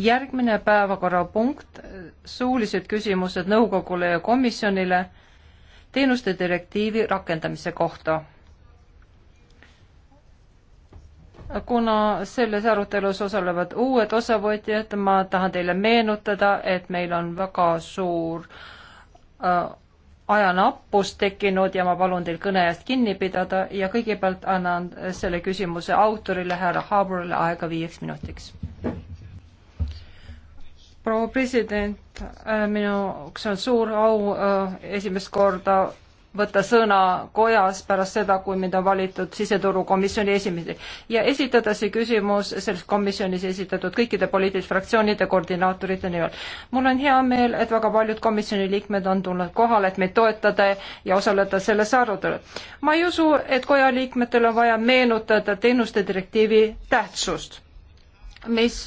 järgmine päevakorrapunkt, suulised küsimused nõukogule ja komisjonile teenuste direktiivi rakendamise kohta. kuna selles arutelus osalevad uued osavõtjad, ma tahan teile meenutada, et meil on väga suur äh, ajanappus tekkinud ja ma palun teil kõne eest kinni pidada ja kõigepealt annan selle küsimuse autorile, härra Haaburile aega viieks minutiks proua president, äh, minuks on suur au äh, esimest korda võtta sõna kojas pärast seda, kui mind on valitud siseturukomisjoni esimeseks ja esitada see küsimus selles komisjonis esitatud kõikide poliitiliste fraktsioonide koordinaatorite nimel. mul on hea meel, et väga paljud komisjoni liikmed on tulnud kohale, et meid toetada ja osaleda selles arutelul. ma ei usu, et koja liikmetel on vaja meenutada teenuste direktiivi tähtsust, mis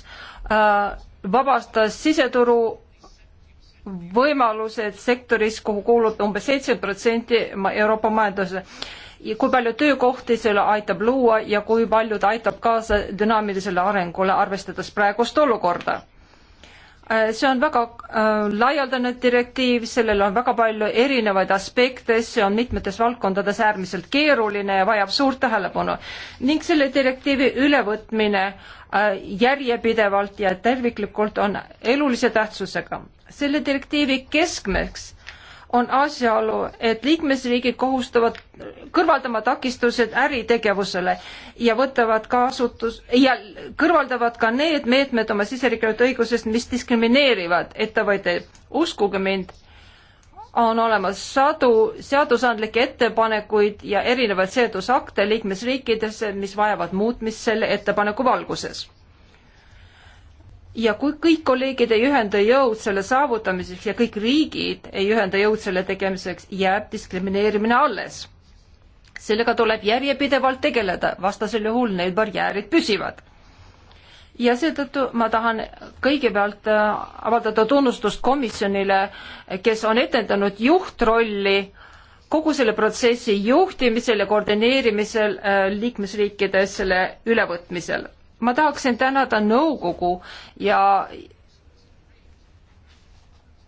äh, vabastas siseturu võimalused sektoris, kuhu kuulub umbes seitse protsenti Euroopa majanduse. kui palju töökohti selle aitab luua ja kui palju ta aitab kaasa dünaamilisele arengule, arvestades praegust olukorda Äh, see on väga äh, laialdane direktiiv, sellel on väga palju erinevaid aspekte, see on mitmetes valdkondades äärmiselt keeruline ja vajab suurt tähelepanu. ning selle direktiivi ülevõtmine äh, järjepidevalt ja terviklikult on elulise tähtsusega. selle direktiivi keskmeks on asjaolu, et liikmesriigid kohustavad kõrvaldama takistused äritegevusele ja võtavad kasutus ja kõrvaldavad ka need meetmed oma siseriiklikust õigusest, mis diskrimineerivad ettevõtteid. uskuge mind, on olemas sadu seadusandlikke ettepanekuid ja erinevaid seadusakte liikmesriikides, mis vajavad muutmist selle ettepaneku valguses ja kui kõik kolleegid ei ühenda jõud selle saavutamiseks ja kõik riigid ei ühenda jõud selle tegemiseks, jääb diskrimineerimine alles. sellega tuleb järjepidevalt tegeleda, vastasel juhul need barjäärid püsivad. ja seetõttu ma tahan kõigepealt äh, avaldada tunnustust komisjonile, kes on etendanud juhtrolli kogu selle protsessi juhtimisel ja koordineerimisel äh, liikmesriikides selle ülevõtmisel ma tahaksin tänada nõukogu ja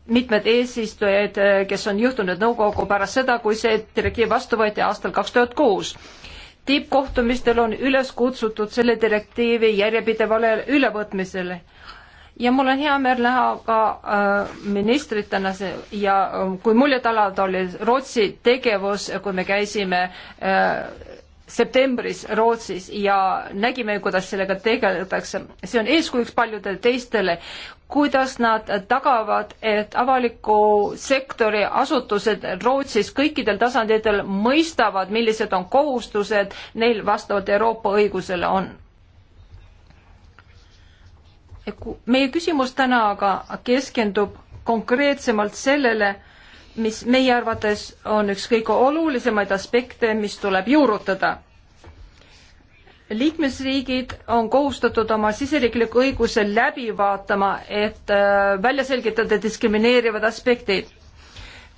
mitmed eesistujad, kes on juhtunud nõukogu pärast seda, kui see direktiiv vastu võeti aastal kaks tuhat kuus. tippkohtumistel on üles kutsutud selle direktiivi järjepidevale ülevõtmisele ja mul on hea meel näha ka äh, ministrit tänase ja äh, kui muljet alada oli Rootsi tegevus, kui me käisime äh, septembris Rootsis ja nägime, kuidas sellega tegeletakse. see on eeskujuks paljudele teistele, kuidas nad tagavad, et avaliku sektori asutused Rootsis kõikidel tasanditel mõistavad, millised on kohustused neil vastavalt Euroopa õigusele on. meie küsimus täna aga keskendub konkreetsemalt sellele, mis meie arvates on üks kõige olulisemaid aspekte, mis tuleb juurutada. liikmesriigid on kohustatud oma siseriikliku õiguse läbi vaatama, et äh, välja selgitada diskrimineerivad aspektid.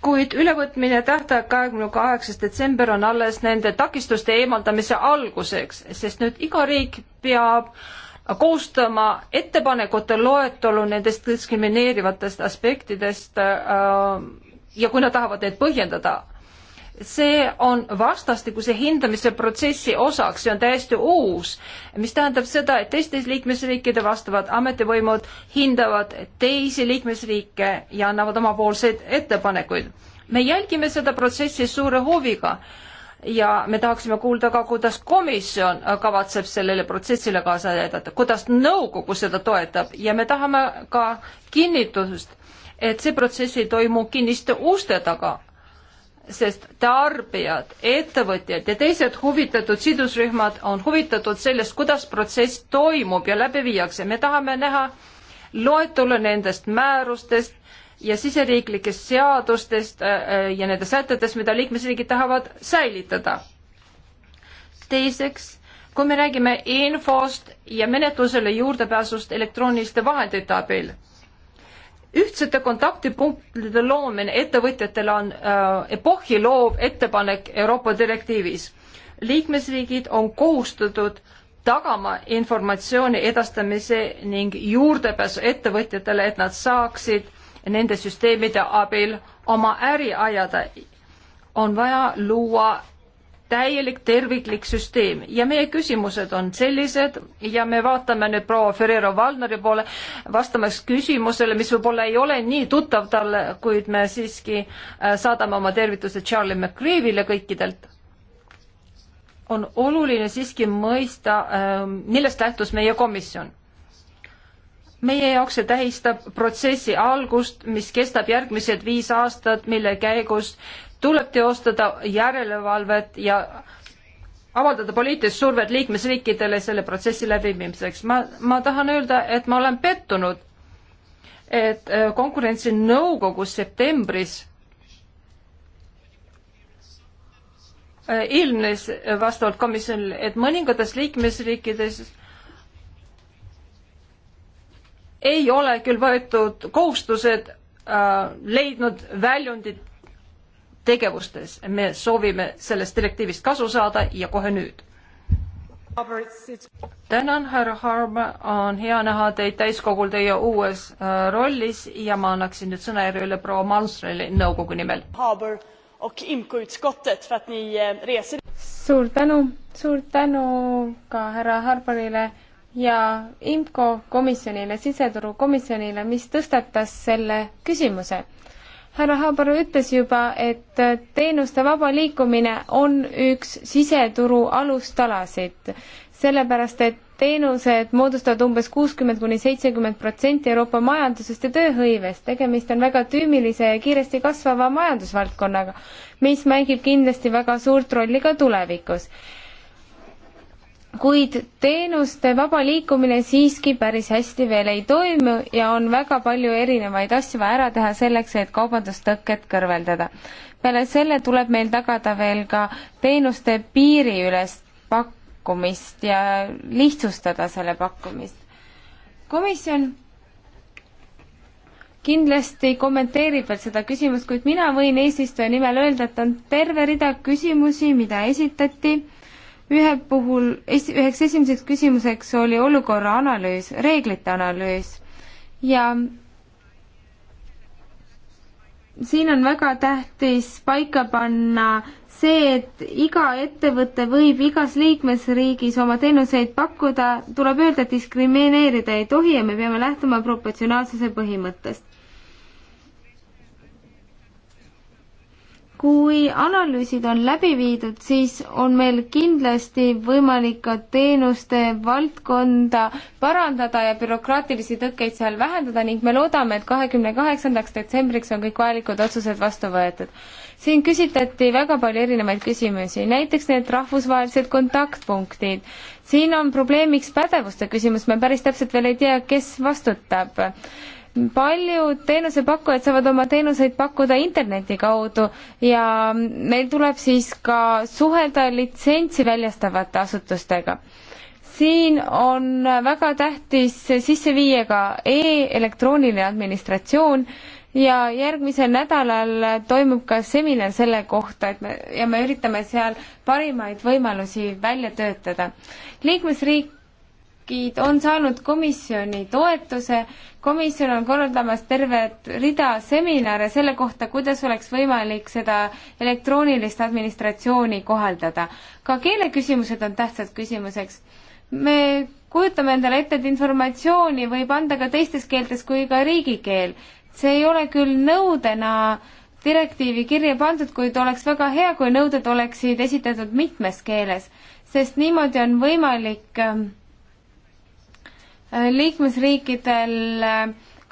kuid ülevõtmine tähtaeg kahekümne kaheksas detsember on alles nende takistuste eemaldamise alguseks, sest nüüd iga riik peab koostama ettepanekute loetelu nendest diskrimineerivatest aspektidest äh, ja kui nad tahavad neid põhjendada, see on vastastikuse hindamise protsessi osaks, see on täiesti uus, mis tähendab seda, et teistes liikmesriikide vastavad ametivõimud hindavad teisi liikmesriike ja annavad omapoolseid ettepanekuid. me jälgime seda protsessi suure huviga ja me tahaksime kuulda ka, kuidas komisjon kavatseb sellele protsessile kaasa aidata, kuidas nõukogu seda toetab ja me tahame ka kinnitust et see protsess ei toimu kinniste uste taga, sest tarbijad, ettevõtjad ja teised huvitatud sidusrühmad on huvitatud sellest, kuidas protsess toimub ja läbi viiakse. me tahame näha loetelu nendest määrustest ja siseriiklikest seadustest äh, äh, ja nende sätetest, mida liikmesriigid tahavad säilitada. teiseks, kui me räägime infost ja menetlusele juurdepääsust elektrooniliste vahendite abil ühtsete kontaktipunktide loomine ettevõtjatele on äh, epohhi loov ettepanek Euroopa direktiivis. liikmesriigid on kohustatud tagama informatsiooni edastamise ning juurdepääsu ettevõtjatele, et nad saaksid nende süsteemide abil oma äri ajada. on vaja luua täielik terviklik süsteem ja meie küsimused on sellised ja me vaatame nüüd proua Ferrero Valneri poole vastamaks küsimusele, mis võib-olla ei ole nii tuttav talle, kuid me siiski äh, saadame oma tervitused Charlie McRaevile kõikidelt. on oluline siiski mõista, ähm, millest lähtus meie komisjon meie jaoks see tähistab protsessi algust, mis kestab järgmised viis aastat, mille käigus tuleb teostada järelevalvet ja avaldada poliitilist survet liikmesriikidele selle protsessi läbiviimiseks. ma, ma tahan öelda, et ma olen pettunud, et äh, konkurentsinõukogus septembris äh, ilmnes vastavalt komisjonile, et mõningates liikmesriikides ei ole küll võetud kohustused äh, leidnud väljundit tegevustes. me soovime sellest direktiivist kasu saada ja kohe nüüd. tänan, härra Harma, on hea näha teid täiskogul teie uues äh, rollis ja ma annaksin nüüd sõna järjele proua Malmströmi nõukogu nimel. Äh, suur tänu, suur tänu ka härra Harbarile ja IMCO komisjonile, siseturukomisjonile, mis tõstatas selle küsimuse härra Haabaru ütles juba, et teenuste vaba liikumine on üks siseturu alustalasid, sellepärast et teenused moodustavad umbes kuuskümmend kuni seitsekümmend protsenti Euroopa majandusest ja tööhõivest. tegemist on väga tüümilise ja kiiresti kasvava majandusvaldkonnaga, mis mängib kindlasti väga suurt rolli ka tulevikus kuid teenuste vaba liikumine siiski päris hästi veel ei toimu ja on väga palju erinevaid asju vaja ära teha selleks, et kaubandustõkked kõrveldada. peale selle tuleb meil tagada veel ka teenuste piiriülest pakkumist ja lihtsustada selle pakkumist. komisjon kindlasti kommenteerib veel seda küsimust, kuid mina võin eesistuja nimel öelda, et on terve rida küsimusi, mida esitati ühe puhul es-, üheks esimeseks küsimuseks oli olukorra analüüs, reeglite analüüs ja siin on väga tähtis paika panna see, et iga ettevõte võib igas liikmesriigis oma teenuseid pakkuda, tuleb öelda, et diskrimineerida ei tohi ja me peame lähtuma proportsionaalsuse põhimõttest. kui analüüsid on läbi viidud, siis on meil kindlasti võimalik ka teenuste valdkonda parandada ja bürokraatilisi tõkkeid seal vähendada ning me loodame, et kahekümne kaheksandaks detsembriks on kõik vajalikud otsused vastu võetud. siin küsitleti väga palju erinevaid küsimusi, näiteks need rahvusvahelised kontaktpunktid. siin on probleemiks pädevuste küsimus, me päris täpselt veel ei tea, kes vastutab paljud teenusepakkujad saavad oma teenuseid pakkuda interneti kaudu ja meil tuleb siis ka suhelda litsentsi väljastavate asutustega. siin on väga tähtis sisse viia ka e-elektrooniline administratsioon ja järgmisel nädalal toimub ka seminar selle kohta, et me ja me üritame seal parimaid võimalusi välja töötada. liikmesriik riigid on saanud komisjoni toetuse komisjon on korraldamas tervet rida seminare selle kohta, kuidas oleks võimalik seda elektroonilist administratsiooni kohaldada. ka keeleküsimused on tähtsad küsimuseks. me kujutame endale ette, et informatsiooni võib anda ka teistes keeltes kui ka riigikeel. see ei ole küll nõudena direktiivi kirja pandud, kuid oleks väga hea, kui nõuded oleksid esitatud mitmes keeles, sest niimoodi on võimalik äh, liikmesriikidel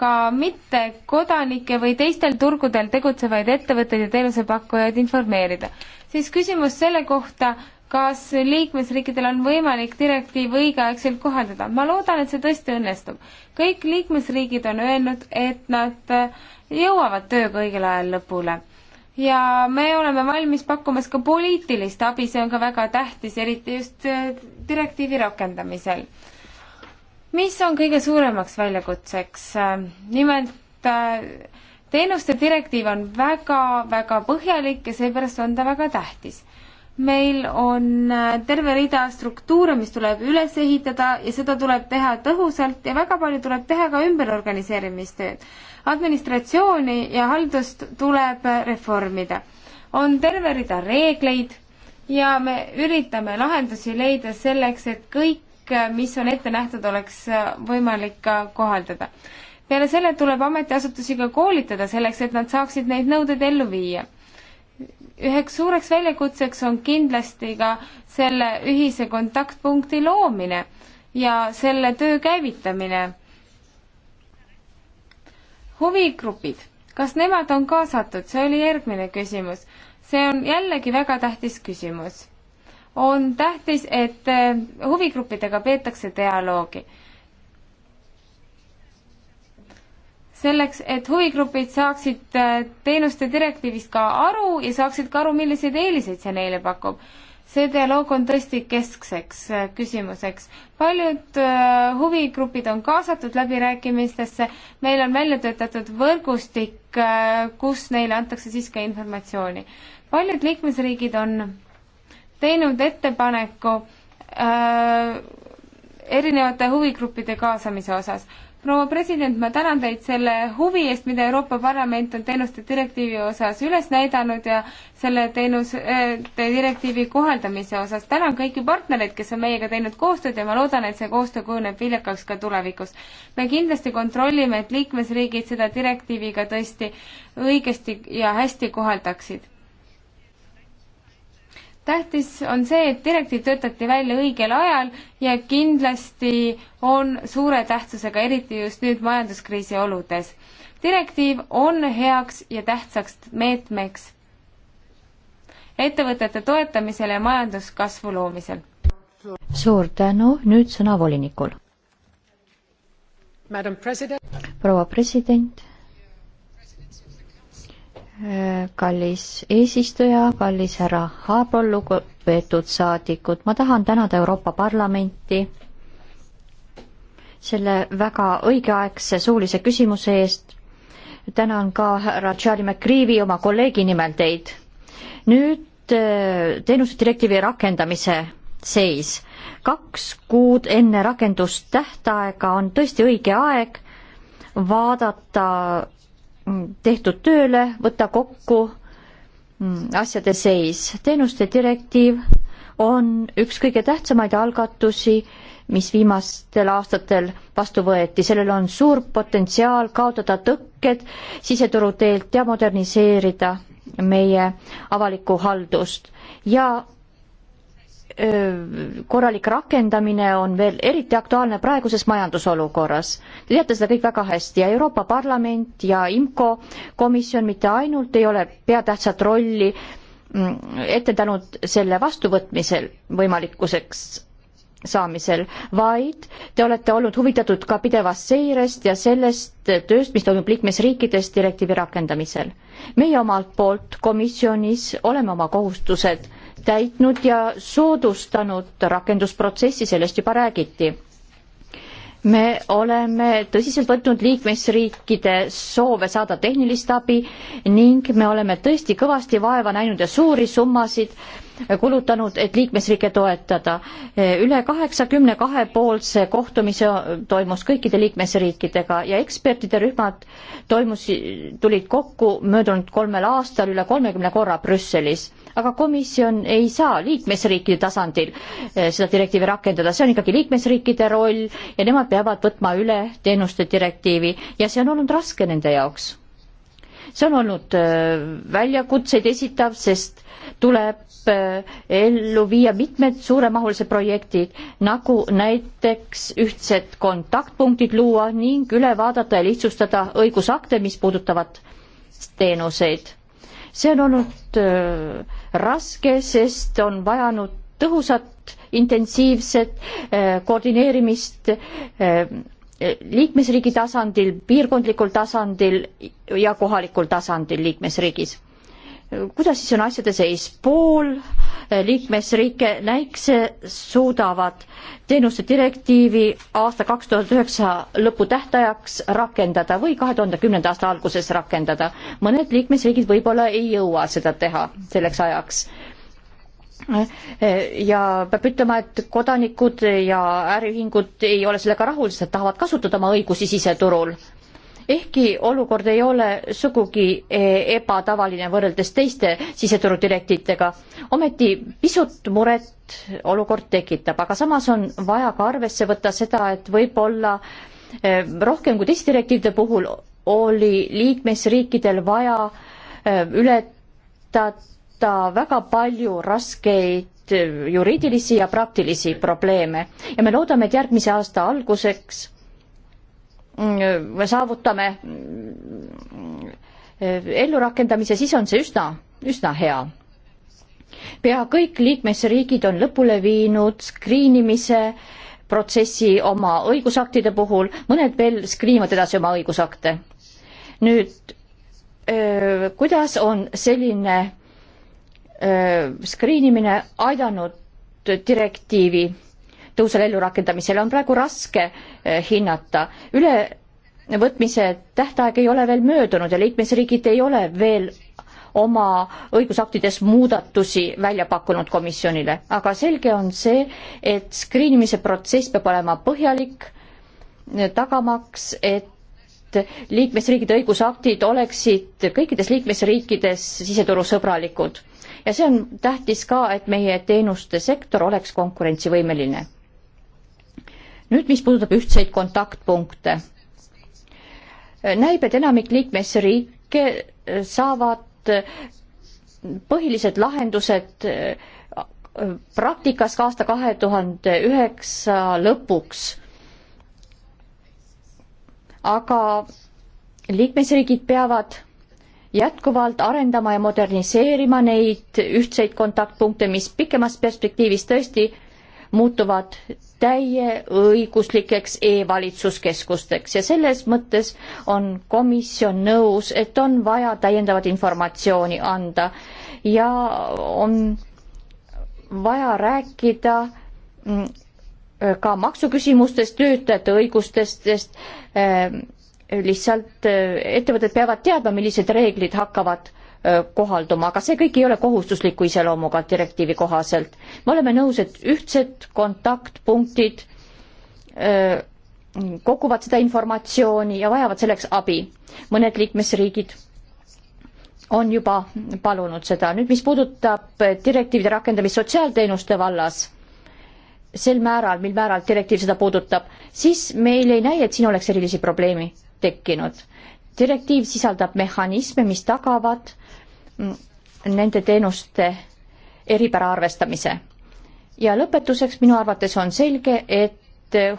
ka mittekodanikke või teistel turgudel tegutsevaid ettevõtteid ja teenusepakkujaid informeerida. siis küsimus selle kohta, kas liikmesriikidel on võimalik direktiiv õigeaegselt kohaldada. ma loodan, et see tõesti õnnestub. kõik liikmesriigid on öelnud, et nad jõuavad tööga õigel ajal lõpule. ja me oleme valmis pakkumas ka poliitilist abi, see on ka väga tähtis, eriti just äh, direktiivi rakendamisel mis on kõige suuremaks väljakutseks? Ähm, nimelt äh, teenuste direktiiv on väga-väga põhjalik ja seepärast on ta väga tähtis. meil on äh, terve rida struktuure, mis tuleb üles ehitada ja seda tuleb teha tõhusalt ja väga palju tuleb teha ka ümberorganiseerimistööd. administratsiooni ja haldust tuleb äh, reformida. on terve rida reegleid ja me üritame lahendusi leida selleks, et kõik mis on ette nähtud, oleks võimalik ka kohaldada. peale selle tuleb ametiasutusi ka koolitada selleks, et nad saaksid neid nõudeid ellu viia. üheks suureks väljakutseks on kindlasti ka selle ühise kontaktpunkti loomine ja selle töö käivitamine. huvigrupid, kas nemad on kaasatud, see oli järgmine küsimus. see on jällegi väga tähtis küsimus on tähtis, et eh, huvigruppidega peetakse dialoogi. selleks, et huvigrupid saaksid eh, teenuste direktiivist ka aru ja saaksid ka aru, milliseid eeliseid see neile pakub. see dialoog on tõesti keskseks eh, küsimuseks. paljud huvigrupid on kaasatud läbirääkimistesse, meil on välja töötatud võrgustik, kus neile antakse siis ka informatsiooni. paljud liikmesriigid on teinud ettepaneku äh, erinevate huvigruppide kaasamise osas. proua president, ma tänan teid selle huvi eest, mida Euroopa Parlament on teenuste direktiivi osas üles näidanud ja selle teenuste äh, direktiivi kohaldamise osas. tänan kõiki partnereid, kes on meiega teinud koostööd ja ma loodan, et see koostöö kujuneb viljakaks ka tulevikus. me kindlasti kontrollime, et liikmesriigid seda direktiivi ka tõesti õigesti ja hästi kohaldaksid tähtis on see, et direktiiv töötati välja õigel ajal ja kindlasti on suure tähtsusega, eriti just nüüd majanduskriisi oludes. direktiiv on heaks ja tähtsaks meetmeks ettevõtete toetamisel ja majanduskasvu loomisel. suur tänu, nüüd sõna volinikul. proua president kallis eesistuja, kallis härra Haabol, lugupeetud saadikud, ma tahan tänada Euroopa Parlamenti selle väga õigeaegse suulise küsimuse eest. tänan ka härra Charlie McCreevy oma kolleegi nimel teid. nüüd äh, teenuste direktiivi rakendamise seis. kaks kuud enne rakendustähtaega on tõesti õige aeg vaadata Mm, tehtud tööle, võtta kokku mm, asjade seis. teenuste direktiiv on üks kõige tähtsamaid algatusi, mis viimastel aastatel vastu võeti. sellel on suur potentsiaal kaotada tõkked siseturu teelt ja moderniseerida meie avalikku haldust ja korralik rakendamine on veel eriti aktuaalne praeguses majandusolukorras. Te teate seda kõik väga hästi ja Euroopa Parlament ja IMCO komisjon mitte ainult ei ole peatähtsat rolli mm, etendanud selle vastuvõtmisel võimalikkuseks saamisel, vaid te olete olnud huvitatud ka pidevast seirest ja sellest tööst, mis toimub liikmesriikides direktiivi rakendamisel. meie omalt poolt komisjonis oleme oma kohustused täitnud ja soodustanud rakendusprotsessi, sellest juba räägiti. me oleme tõsiselt võtnud liikmesriikide soove saada tehnilist abi ning me oleme tõesti kõvasti vaeva näinud ja suuri summasid kulutanud, et liikmesriike toetada. üle kaheksakümne kahepoolse kohtumise toimus kõikide liikmesriikidega ja ekspertide rühmad toimus, tulid kokku möödunud kolmel aastal üle kolmekümne korra Brüsselis aga komisjon ei saa liikmesriikide tasandil eh, seda direktiivi rakendada, see on ikkagi liikmesriikide roll ja nemad peavad võtma üle teenuste direktiivi ja see on olnud raske nende jaoks. see on olnud eh, väljakutseid esitav, sest tuleb eh, ellu viia mitmed suuremahulised projektid, nagu näiteks ühtsed kontaktpunktid luua ning üle vaadata ja lihtsustada õigusakte, mis puudutavad teenuseid see on olnud äh, raske, sest on vajanud tõhusat, intensiivset äh, koordineerimist äh, liikmesriigi tasandil, piirkondlikul tasandil ja kohalikul tasandil liikmesriigis kuidas siis on asjade seis, pool eh, liikmesriike näikse eh, suudavad teenuste direktiivi aasta kaks tuhat üheksa lõpu tähtajaks rakendada või kahe tuhande kümnenda aasta alguses rakendada. mõned liikmesriigid võib-olla ei jõua seda teha selleks ajaks eh, ja peab ütlema, et kodanikud ja äriühingud ei ole sellega rahul, sest nad tahavad kasutada oma õigusi siseturul ehkki olukord ei ole sugugi eh, ebatavaline võrreldes teiste siseturudirektidega, ometi pisut muret olukord tekitab, aga samas on vaja ka arvesse võtta seda, et võib-olla eh, rohkem kui teiste direktiivide puhul oli liikmesriikidel vaja eh, ületada väga palju raskeid juriidilisi ja praktilisi probleeme ja me loodame, et järgmise aasta alguseks saavutame ellurakendamise, siis on see üsna, üsna hea. pea kõik liikmesriigid on lõpule viinud skriinimise protsessi oma õigusaktide puhul, mõned veel skriinivad edasi oma õigusakte. nüüd kuidas on selline skriinimine aidanud direktiivi tõusele ellurakendamisele on praegu raske eh, hinnata. ülevõtmise tähtaeg ei ole veel möödunud ja liikmesriigid ei ole veel oma õigusaktides muudatusi välja pakkunud komisjonile, aga selge on see, et screen imise protsess peab olema põhjalik, eh, tagamaks, et liikmesriigide õigusaktid oleksid kõikides liikmesriikides siseturusõbralikud. ja see on tähtis ka, et meie teenuste sektor oleks konkurentsivõimeline nüüd, mis puudutab ühtseid kontaktpunkte. näib, et enamik liikmesriike saavad põhilised lahendused äh, praktikas ka aasta kahe tuhande üheksa lõpuks. aga liikmesriigid peavad jätkuvalt arendama ja moderniseerima neid ühtseid kontaktpunkte, mis pikemas perspektiivis tõesti muutuvad täieõiguslikeks e-valitsuskeskusteks ja selles mõttes on komisjon nõus, et on vaja täiendavat informatsiooni anda ja on vaja rääkida mm, äh, ka maksuküsimustest, töötajate õigustest, sest äh, lihtsalt äh, ettevõtted peavad teadma, millised reeglid hakkavad kohalduma, aga see kõik ei ole kohustusliku iseloomuga direktiivi kohaselt. me oleme nõus, et ühtsed kontaktpunktid koguvad seda informatsiooni ja vajavad selleks abi. mõned liikmesriigid on juba palunud seda. nüüd, mis puudutab direktiivide rakendamist sotsiaalteenuste vallas, sel määral, mil määral direktiiv seda puudutab, siis meil ei näi, et siin oleks erilisi probleeme tekkinud direktiiv sisaldab mehhanisme, mis tagavad mm, nende teenuste eripära arvestamise. ja lõpetuseks minu arvates on selge, et eh,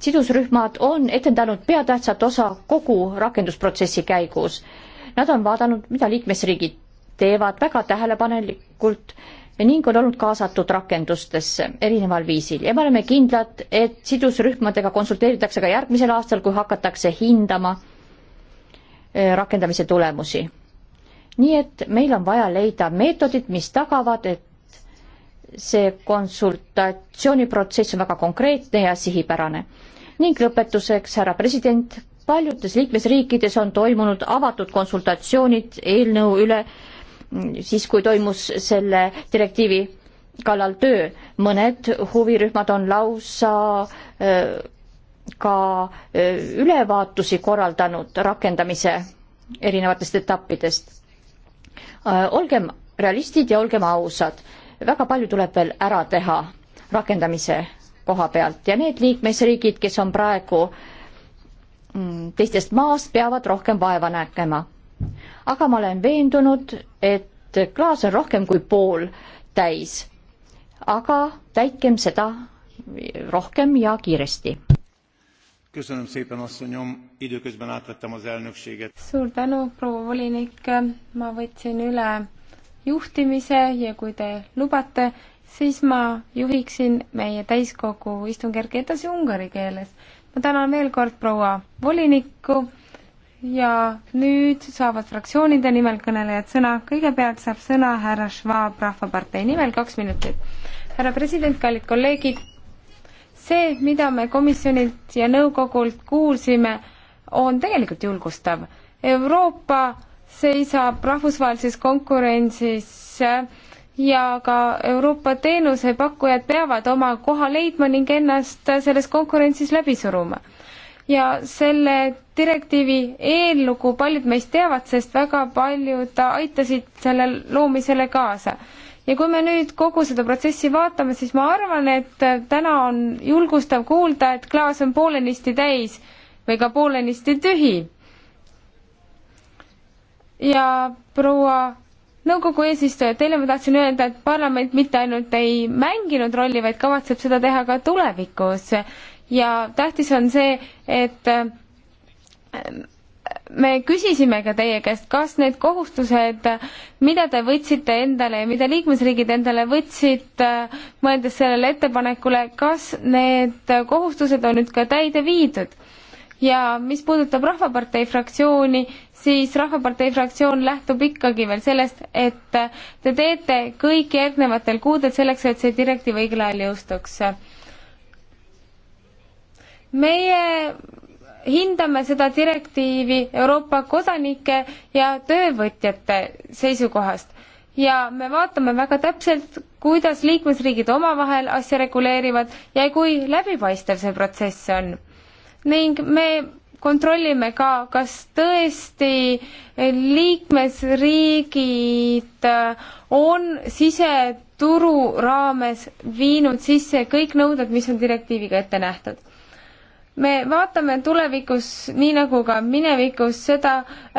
sidusrühmad on etendanud peatähtsat osa kogu rakendusprotsessi käigus. Nad on vaadanud, mida liikmesriigid teevad väga tähelepanelikult ning on olnud kaasatud rakendustesse erineval viisil ja me oleme kindlad, et sidusrühmadega konsulteeritakse ka järgmisel aastal, kui hakatakse hindama äh, Eh, rakendamise tulemusi. nii et meil on vaja leida meetodid, mis tagavad, et see konsultatsiooniprotsess on väga konkreetne ja sihipärane. ning lõpetuseks, härra president, paljudes liikmesriikides on toimunud avatud konsultatsioonid eelnõu üle siis, kui toimus selle direktiivi kallal töö. mõned huvirühmad on lausa öö, eh, ka e, ülevaatusi korraldanud rakendamise erinevatest etappidest. E, olgem realistid ja olgem ausad, väga palju tuleb veel ära teha rakendamise koha pealt ja need liikmesriigid, kes on praegu mm, teistest maast, peavad rohkem vaeva nägema. aga ma olen veendunud, et klaas on rohkem kui pool täis. aga täitkem seda rohkem ja kiiresti köszönöm szépen, asszonyom, időközben átvettem az elnökséget. suur tänu, proua volinik, ma võtsin üle juhtimise ja kui te lubate, siis ma juhiksin meie täiskogu istungjärgi edasi ungari keeles. ma tänan veel kord proua volinikku ja nüüd saavad fraktsioonide nimel kõnelejad sõna. kõigepealt saab sõna härra Schwab Rahvapartei nimel, kaks minutit. härra president, kallid kolleegid, see, mida me komisjonilt ja nõukogult kuulsime, on tegelikult julgustav. Euroopa seisab rahvusvahelises konkurentsis ja ka Euroopa teenusepakkujad peavad oma koha leidma ning ennast selles konkurentsis läbi suruma. ja selle direktiivi eellugu paljud meist teavad, sest väga paljud aitasid selle loomisele kaasa ja kui me nüüd kogu seda protsessi vaatame, siis ma arvan, et äh, täna on julgustav kuulda, et klaas on poolenisti täis või ka poolenisti tühi. ja proua nõukogu eesistuja, teile ma tahtsin öelda, et parlament mitte ainult ei mänginud rolli, vaid kavatseb seda teha ka tulevikus. ja tähtis on see, et äh, me küsisime ka teie käest, kas need kohustused, mida te võtsite endale ja mida liikmesriigid endale võtsid, mõeldes sellele ettepanekule, kas need kohustused on nüüd ka täide viidud? ja mis puudutab Rahvapartei fraktsiooni, siis Rahvapartei fraktsioon lähtub ikkagi veel sellest, et te teete kõik järgnevatel kuudel selleks, et see direktiiv õigel ajal jõustuks. meie hindame seda direktiivi Euroopa kodanike ja töövõtjate seisukohast ja me vaatame väga täpselt, kuidas liikmesriigid omavahel asja reguleerivad ja kui läbipaistev see protsess on. ning me kontrollime ka, kas tõesti liikmesriigid äh, on siseturu raames viinud sisse kõik nõuded, mis on direktiiviga ette nähtud me vaatame tulevikus, nii nagu ka minevikus, seda,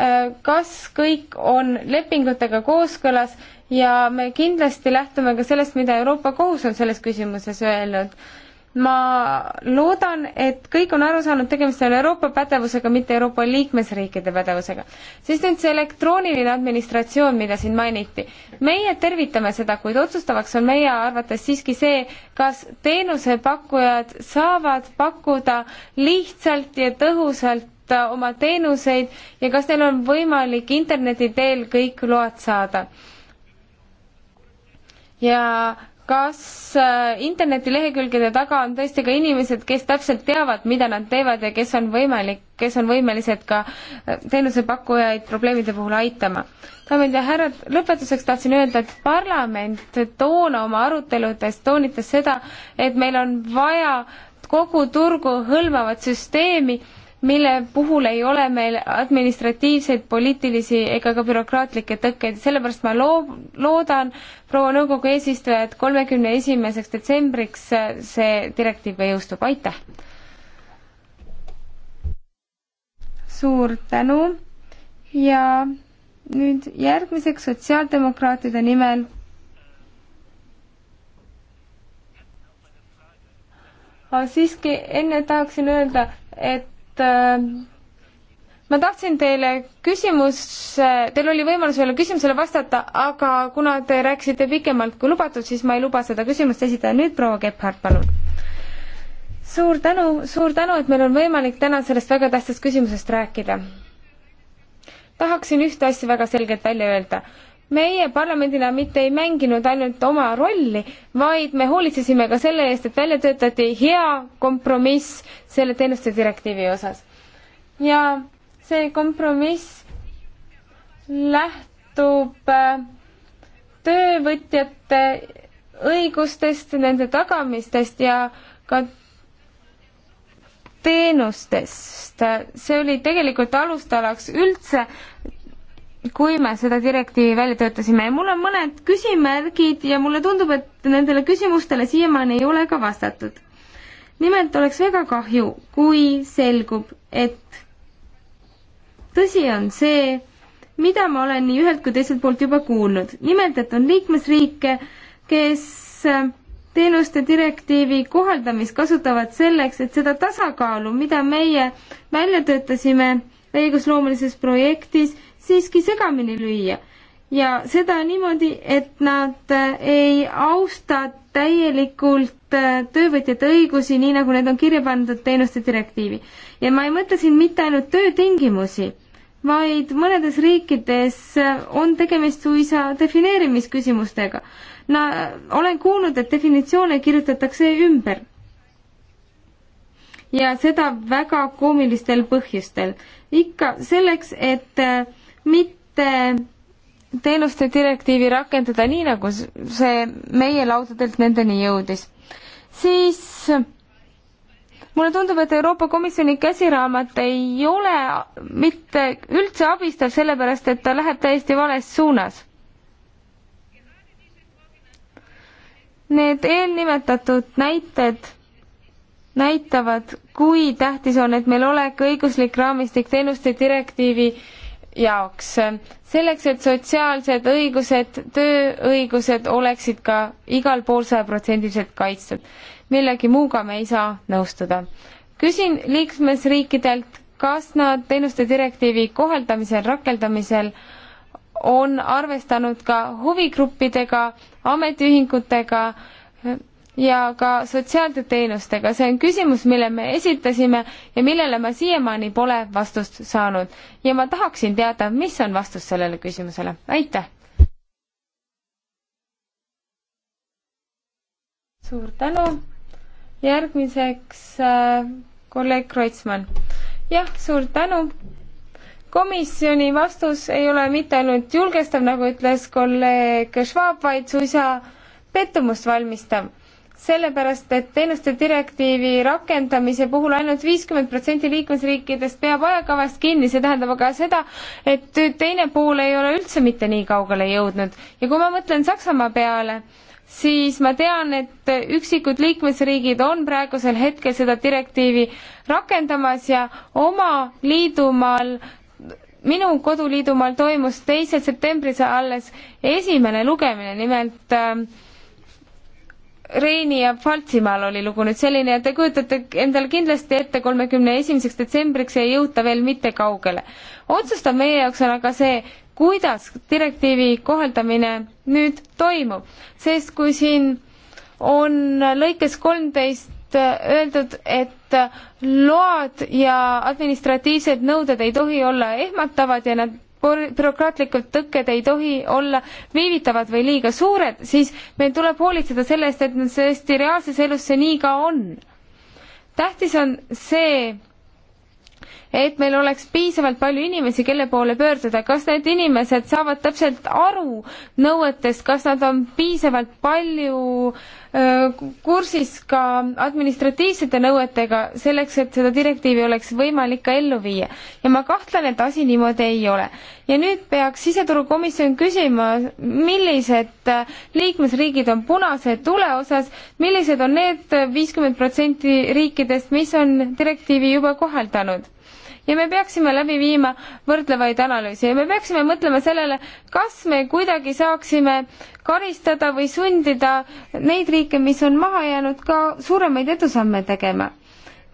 äh, kas kõik on lepingutega kooskõlas ja me kindlasti lähtume ka sellest, mida Euroopa Kohus on selles küsimuses öelnud ma loodan, et kõik on aru saanud, tegemist on Euroopa pädevusega, mitte Euroopa liikmesriikide pädevusega. siis nüüd see elektrooniline administratsioon, mida siin mainiti. meie tervitame seda, kuid otsustavaks on meie arvates siiski see, kas teenusepakkujad saavad pakkuda lihtsalt ja tõhusalt oma teenuseid ja kas neil on võimalik interneti teel kõik load saada ja kas äh, internetilehekülgede taga on tõesti ka inimesed, kes täpselt teavad, mida nad teevad ja kes on võimalik, kes on võimelised ka äh, teenusepakkujaid probleemide puhul aitama? daamid ja härrad, lõpetuseks tahtsin öelda, et parlament toona oma aruteludes toonitas seda, et meil on vaja kogu turgu hõlmavat süsteemi mille puhul ei ole meil administratiivseid, poliitilisi ega ka bürokraatlikke tõkkeid, sellepärast ma loo-, loodan, proua nõukogu eesistuja, et kolmekümne esimeseks detsembriks see direktiiv ka jõustub, aitäh! suur tänu ja nüüd järgmiseks sotsiaaldemokraatide nimel aga ah, siiski enne tahaksin öelda, et Äh, ma tahtsin teile küsimus, teil oli võimalus veel küsimusele vastata, aga kuna te rääkisite pikemalt kui lubatud, siis ma ei luba seda küsimust esitada. nüüd proua Gebhardt, palun. suur tänu, suur tänu, et meil on võimalik täna sellest väga tähtsast küsimusest rääkida. tahaksin ühte asja väga selgelt välja öelda meie parlamendina mitte ei mänginud ainult oma rolli, vaid me hoolitsesime ka selle eest, et välja töötati hea kompromiss selle teenuste direktiivi osas. ja see kompromiss lähtub äh, töövõtjate õigustest, nende tagamistest ja ka teenustest. see oli tegelikult alustalaks üldse kui me seda direktiivi välja töötasime ja mul on mõned küsimärgid ja mulle tundub, et nendele küsimustele siiamaani ei ole ka vastatud. nimelt oleks väga kahju, kui selgub, et tõsi on see, mida ma olen nii ühelt kui teiselt poolt juba kuulnud, nimelt et on liikmesriike, kes teenuste direktiivi kohaldamist kasutavad selleks, et seda tasakaalu, mida meie välja töötasime õigusloomelises projektis, siiski segamini lüüa ja seda niimoodi, et nad äh, ei austa täielikult äh, töövõtjate õigusi, nii nagu need on kirja pandud teenuste direktiivi. ja ma ei mõtle siin mitte ainult töötingimusi, vaid mõnedes riikides äh, on tegemist suisa defineerimisküsimustega. no olen kuulnud, et definitsioone kirjutatakse ümber ja seda väga koomilistel põhjustel. ikka selleks, et mitte teenuste direktiivi rakendada nii, nagu see meie laudadelt nendeni jõudis, siis mulle tundub, et Euroopa Komisjoni käsiraamat ei ole mitte üldse abistav, sellepärast et ta läheb täiesti vales suunas. Need eelnimetatud näited näitavad, kui tähtis on, et meil oleks õiguslik raamistik teenuste direktiivi jaoks, selleks, et sotsiaalsed õigused, tööõigused oleksid ka igal pool sajaprotsendiliselt kaitstud. millegi muuga me ei saa nõustuda. küsin liikmesriikidelt, kas nad teenuste direktiivi kohaldamisel, rakendamisel on arvestanud ka huvigruppidega, ametiühingutega, ja ka sotsiaalsete teenustega, see on küsimus, mille me esitasime ja millele ma siiamaani pole vastust saanud. ja ma tahaksin teada, mis on vastus sellele küsimusele, aitäh! suur tänu, järgmiseks äh, kolleeg Kreutzmann. jah, suur tänu! komisjoni vastus ei ole mitte ainult julgestav, nagu ütles kolleeg Schwab, vaid suisa pettumust valmistav sellepärast, et teenuste direktiivi rakendamise puhul ainult viiskümmend protsenti liikmesriikidest peab ajakavast kinni, see tähendab aga seda, et teine pool ei ole üldse mitte nii kaugele jõudnud ja kui ma mõtlen Saksamaa peale, siis ma tean, et üksikud liikmesriigid on praegusel hetkel seda direktiivi rakendamas ja oma liidumaal minu koduliidumaal toimus teisel septembris alles esimene lugemine, nimelt äh, Reini ja Paltsimaal oli lugu nüüd selline ja te kujutate endale kindlasti ette, kolmekümne esimeseks detsembriks ei jõuta veel mitte kaugele. otsustav meie jaoks on aga see, kuidas direktiivi kohaldamine nüüd toimub, sest kui siin on lõikes kolmteist öeldud, et load ja administratiivsed nõuded ei tohi olla ehmatavad ja nad bürokraatlikud tõkked ei tohi olla viivitavad või liiga suured, siis meil tuleb hoolitseda selle eest, et tõesti reaalses elus see nii ka on. tähtis on see, et meil oleks piisavalt palju inimesi, kelle poole pöörduda, kas need inimesed saavad täpselt aru nõuetest, kas nad on piisavalt palju kursis ka administratiivsete nõuetega, selleks et seda direktiivi oleks võimalik ka ellu viia. ja ma kahtlen, et asi niimoodi ei ole. ja nüüd peaks siseturukomisjon küsima, millised äh, liikmesriigid on punase tule osas, millised on need viiskümmend protsenti riikidest, mis on direktiivi juba kohaldanud ja me peaksime läbi viima võrdlevaid analüüse ja me peaksime mõtlema sellele, kas me kuidagi saaksime karistada või sundida neid riike, mis on maha jäänud, ka suuremaid edusamme tegema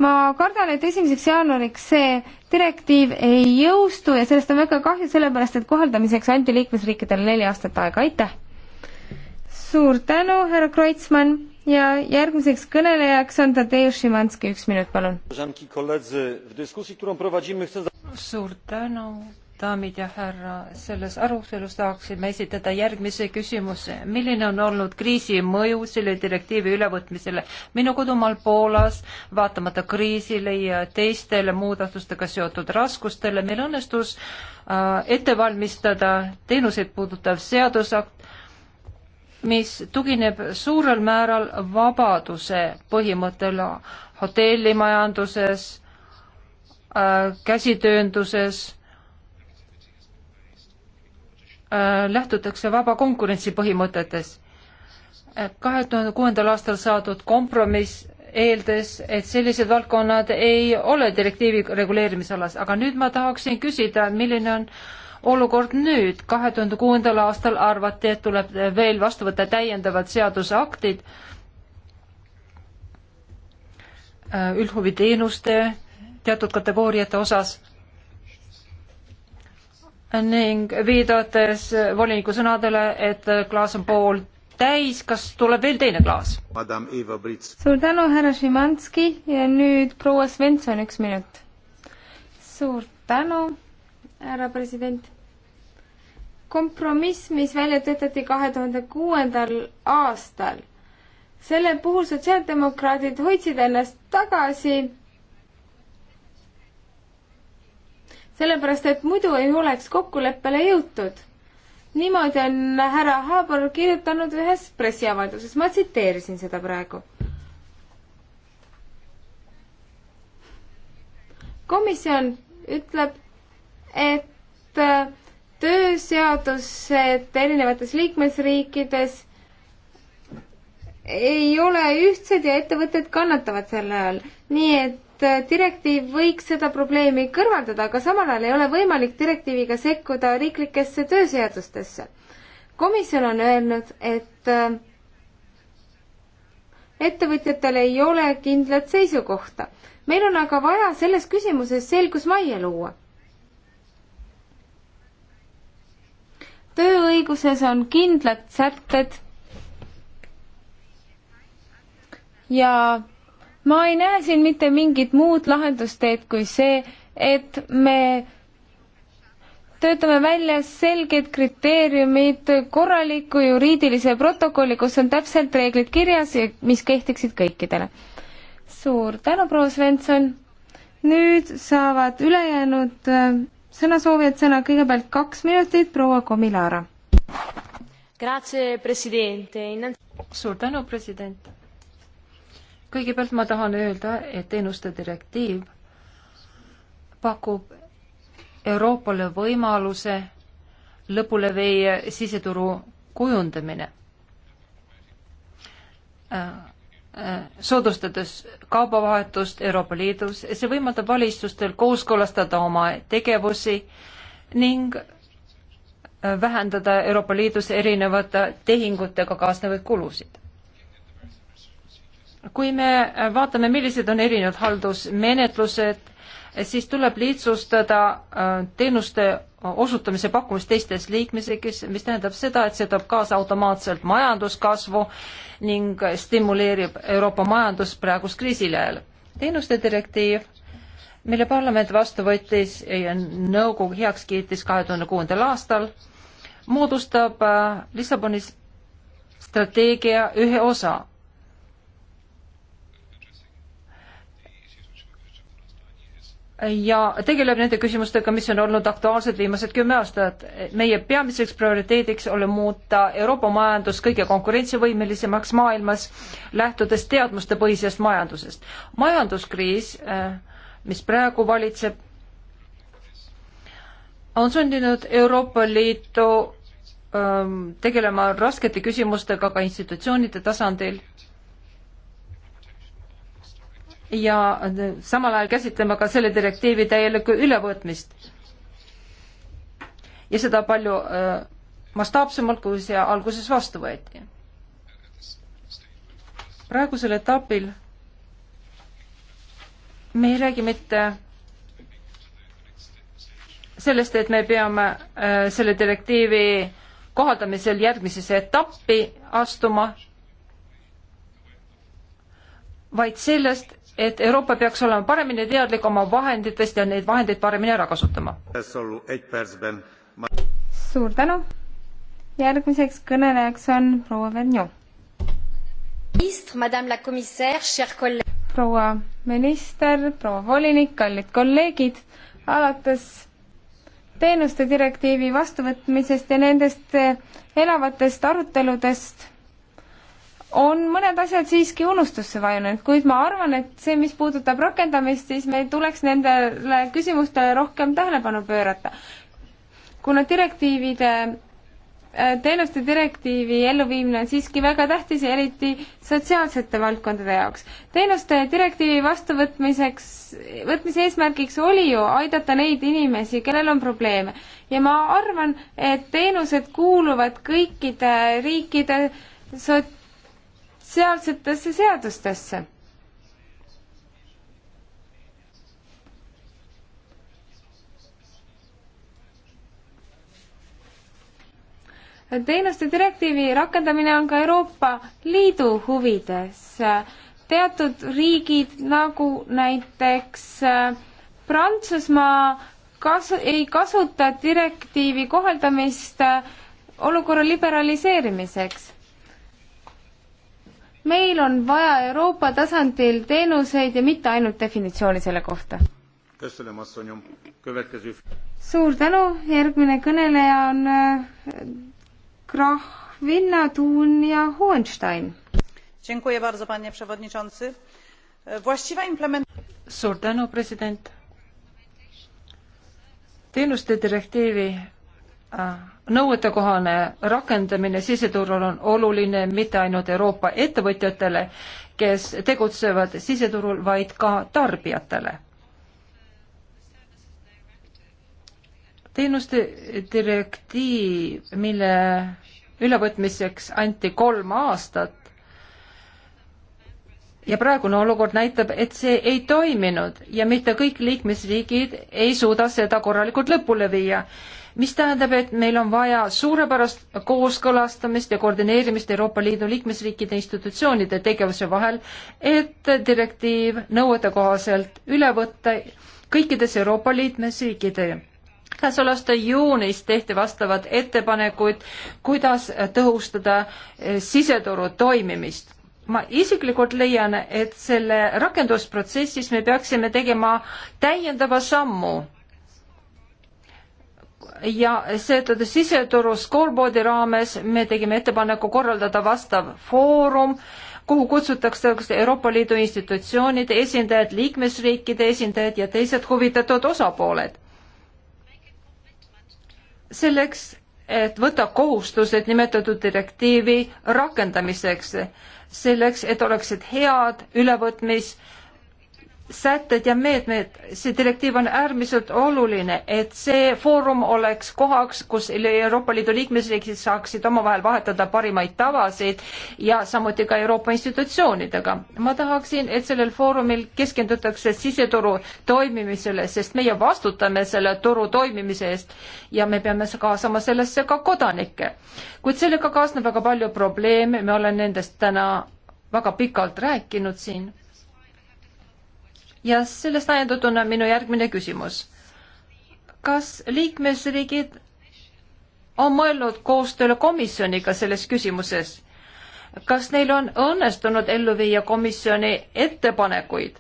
ma kardan, et esimeseks jaanuariks see direktiiv ei jõustu ja sellest on väga kahju, sellepärast et kohaldamiseks anti liikmesriikidele neli aastat aega, aitäh! suur tänu, härra Kreutzmann! ja järgmiseks kõnelejaks on Tadeusz Šimanski, üks minut, palun. suur tänu, daamid ja härra, selles arutelus tahaksin ma esitada järgmise küsimuse. milline on olnud kriisi mõju selle direktiivi ülevõtmisele minu kodumaal Poolas, vaatamata kriisile ja teistele muudatustega seotud raskustele, meil õnnestus äh, ette valmistada teenuseid puudutav seadusakt, mis tugineb suurel määral vabaduse põhimõttele hotellimajanduses, äh, käsitöönduses, äh, lähtutakse vaba konkurentsi põhimõtetes. kahe tuhande kuuendal aastal saadud kompromiss eeldas, et sellised valdkonnad ei ole direktiivi reguleerimisalas, aga nüüd ma tahaksin küsida, milline on äh, olukord nüüd? kahe tuhande kuuendal aastal arvati, et tuleb veel vastu võtta täiendavad seaduseaktid äh, üldhuviteenuste teatud kategooriate osas ning viidates voliniku sõnadele, et klaas on pool täis, kas tuleb veel teine klaas? suur tänu, härra Šimanski ja nüüd proua Svensson, üks minut. suur tänu härra president. kompromiss, mis välja töötati kahe tuhande kuuendal aastal, selle puhul sotsiaaldemokraadid hoidsid ennast tagasi, sellepärast et muidu ei oleks kokkuleppele jõutud. niimoodi on härra Haabor kirjutanud ühes pressiavalduses, ma tsiteerisin seda praegu komisjon ütleb, et äh, tööseadused erinevates liikmesriikides ei ole ühtsed ja ettevõtted kannatavad selle all. nii et äh, direktiiv võiks seda probleemi kõrvaldada, aga samal ajal ei ole võimalik direktiiviga sekkuda riiklikesse tööseadustesse. komisjon on öelnud, et äh, ettevõtjatel ei ole kindlat seisukohta. meil on aga vaja selles küsimuses selgus majja luua tööõiguses on kindlad sätted ja ma ei näe siin mitte mingit muud lahendusteed kui see, et me töötame välja selged kriteeriumid korraliku juriidilise protokolli, kus on täpselt reeglid kirjas ja mis kehtiksid kõikidele. suur tänu, proua Svensson! nüüd saavad ülejäänud äh, sõnasoovijad sõna kõigepealt kaks minutit, proua Komilara. suur tänu, president. kõigepealt ma tahan öelda, et teenuste direktiiv pakub Euroopale võimaluse lõpule viia siseturu kujundamine äh soodustades kaubavahetust Euroopa Liidus. see võimaldab valitsustel kooskõlastada oma tegevusi ning äh, vähendada Euroopa Liidus erinevate tehingutega kaasnevaid kulusid. kui me äh, vaatame, millised on erinevad haldusmenetlused siis tuleb lihtsustada äh, teenuste osutamise pakkumist teistes liikmesriigis, mis tähendab seda, et see toob kaasa automaatselt majanduskasvu ning stimuleerib Euroopa majandust praegust kriisile ajal. teenuste direktiiv, mille parlament vastu võttis ja nõukogu heaks kiitis kahe tuhande kuuendal aastal, moodustab äh, Lissabonis strateegia ühe osa ja tegeleb nende küsimustega, mis on olnud aktuaalsed viimased kümme aastat. meie peamiseks prioriteediks oli muuta Euroopa majandus kõige konkurentsivõimelisemaks maailmas, lähtudes teadmustepõhisest majandusest. majanduskriis, äh, mis praegu valitseb, on sundinud Euroopa Liitu ähm, tegelema raskete küsimustega ka institutsioonide tasandil ja samal ajal käsitlema ka selle direktiivi täielikku ülevõtmist. ja seda palju äh, mastaapsemalt, kui see alguses vastu võeti. praegusel etapil me ei räägi mitte sellest, et me peame äh, selle direktiivi kohaldamisel järgmisesse etappi astuma, vaid sellest, et Euroopa peaks olema paremini teadlik oma vahenditest ja neid vahendeid paremini ära kasutama. suur tänu. järgmiseks kõnelejaks on proua Vernjo. proua minister, proua volinik, kallid kolleegid, alates teenuste direktiivi vastuvõtmisest ja nendest elavatest aruteludest on mõned asjad siiski unustusse vajunud, kuid ma arvan, et see, mis puudutab rakendamist, siis meil tuleks nendele küsimustele rohkem tähelepanu pöörata. kuna direktiivide, äh, teenuste direktiivi elluviimine on siiski väga tähtis ja eriti sotsiaalsete valdkondade jaoks. teenuste direktiivi vastuvõtmiseks, võtmise eesmärgiks oli ju aidata neid inimesi, kellel on probleeme. ja ma arvan, et teenused kuuluvad kõikide riikide sot-, sealsetesse seadustesse. teenuste direktiivi rakendamine on ka Euroopa Liidu huvides. teatud riigid nagu näiteks äh, Prantsusmaa kasu, ei kasuta direktiivi kohaldamist äh, olukorra liberaliseerimiseks meil on vaja Euroopa tasandil teenuseid ja mitte ainult definitsiooni selle kohta. suur tänu, järgmine kõneleja on äh, Krahh Vinna Tuun ja Hohenstein. E, suur tänu, president. teenuste direktiivi Äh, nõuetekohane rakendamine siseturul on oluline mitte ainult Euroopa ettevõtjatele, kes tegutsevad siseturul, vaid ka tarbijatele. teenuste direktiiv, mille ülevõtmiseks anti kolm aastat ja praegune olukord näitab, et see ei toiminud ja mitte kõik liikmesriigid ei suuda seda korralikult lõpule viia mis tähendab, et meil on vaja suurepärast kooskõlastamist ja koordineerimist Euroopa Liidu liikmesriikide institutsioonide tegevuse vahel, et direktiiv nõuete kohaselt üle võtta kõikides Euroopa liikmesriikide käesoleva aasta juunis tehti vastavad ettepanekuid, kuidas tõhustada eh, siseturu toimimist ma isiklikult leian, et selle rakendusprotsessis me peaksime tegema täiendava sammu ja seetõttu siseturu scoreboard'i raames me tegime ettepaneku korraldada vastav foorum, kuhu kutsutakse Euroopa Liidu institutsioonide esindajad, liikmesriikide esindajad ja teised huvitatud osapooled. selleks, et võtta kohustused nimetatud direktiivi rakendamiseks, selleks, et oleksid head ülevõtmis- sätted ja meetmed, see direktiiv on äärmiselt oluline, et see foorum oleks kohaks, kus Euroopa Liidu liikmesriigid saaksid omavahel vahetada parimaid tavasid ja samuti ka Euroopa institutsioonidega. ma tahaksin, et sellel foorumil keskendutakse siseturu toimimisele, sest meie vastutame selle turu toimimise eest ja me peame kaasama sellesse ka kodanikke. kuid sellega kaasneb väga palju probleeme, ma olen nendest täna väga pikalt rääkinud siin ja sellest ajendatuna minu järgmine küsimus. kas liikmesriigid on mõelnud koostööle komisjoniga selles küsimuses? kas neil on õnnestunud ellu viia komisjoni ettepanekuid?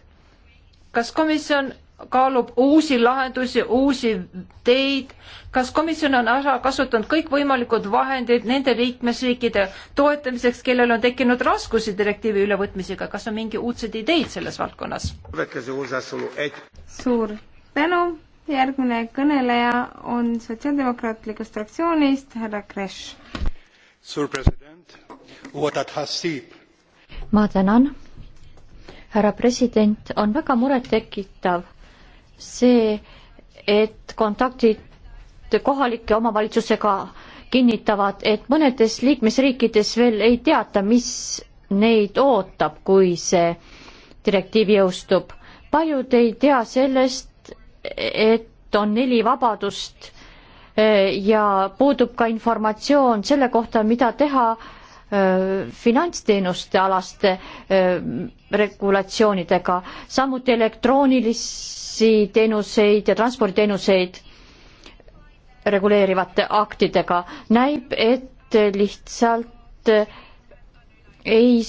kas komisjon kaalub uusi lahendusi, uusi teid. kas komisjon on ära kasutanud kõikvõimalikud vahendid nende liikmesriikide toetamiseks, kellel on tekkinud raskusi direktiivi ülevõtmisega, kas on mingi uudseid ideid selles valdkonnas? suur tänu, järgmine kõneleja on Sotsiaaldemokraatlikust fraktsioonist härra Kresh. suur president, ma tänan härra president, on väga murettekitav, see, et kontaktid kohalike omavalitsusega kinnitavad, et mõnedes liikmesriikides veel ei teata, mis neid ootab, kui see direktiiv jõustub. paljud ei tea sellest, et on neli vabadust eh, ja puudub ka informatsioon selle kohta, mida teha Äh, finantsteenuste alaste äh, regulatsioonidega, samuti elektroonilisi teenuseid ja transporditeenuseid reguleerivate aktidega. näib, et lihtsalt ei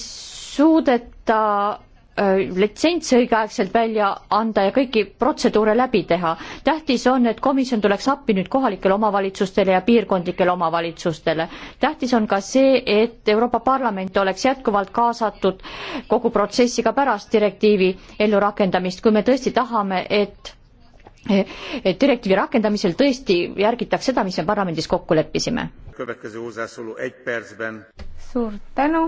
suudeta Äh, litsents õigeaegselt välja anda ja kõiki protseduure läbi teha. tähtis on, et komisjon tuleks appi nüüd kohalikele omavalitsustele ja piirkondlikele omavalitsustele. tähtis on ka see, et Euroopa Parlament oleks jätkuvalt kaasatud kogu protsessi ka pärast direktiivi ellurakendamist, kui me tõesti tahame, et et direktiivi rakendamisel tõesti järgitaks seda, mis me parlamendis kokku leppisime. suur tänu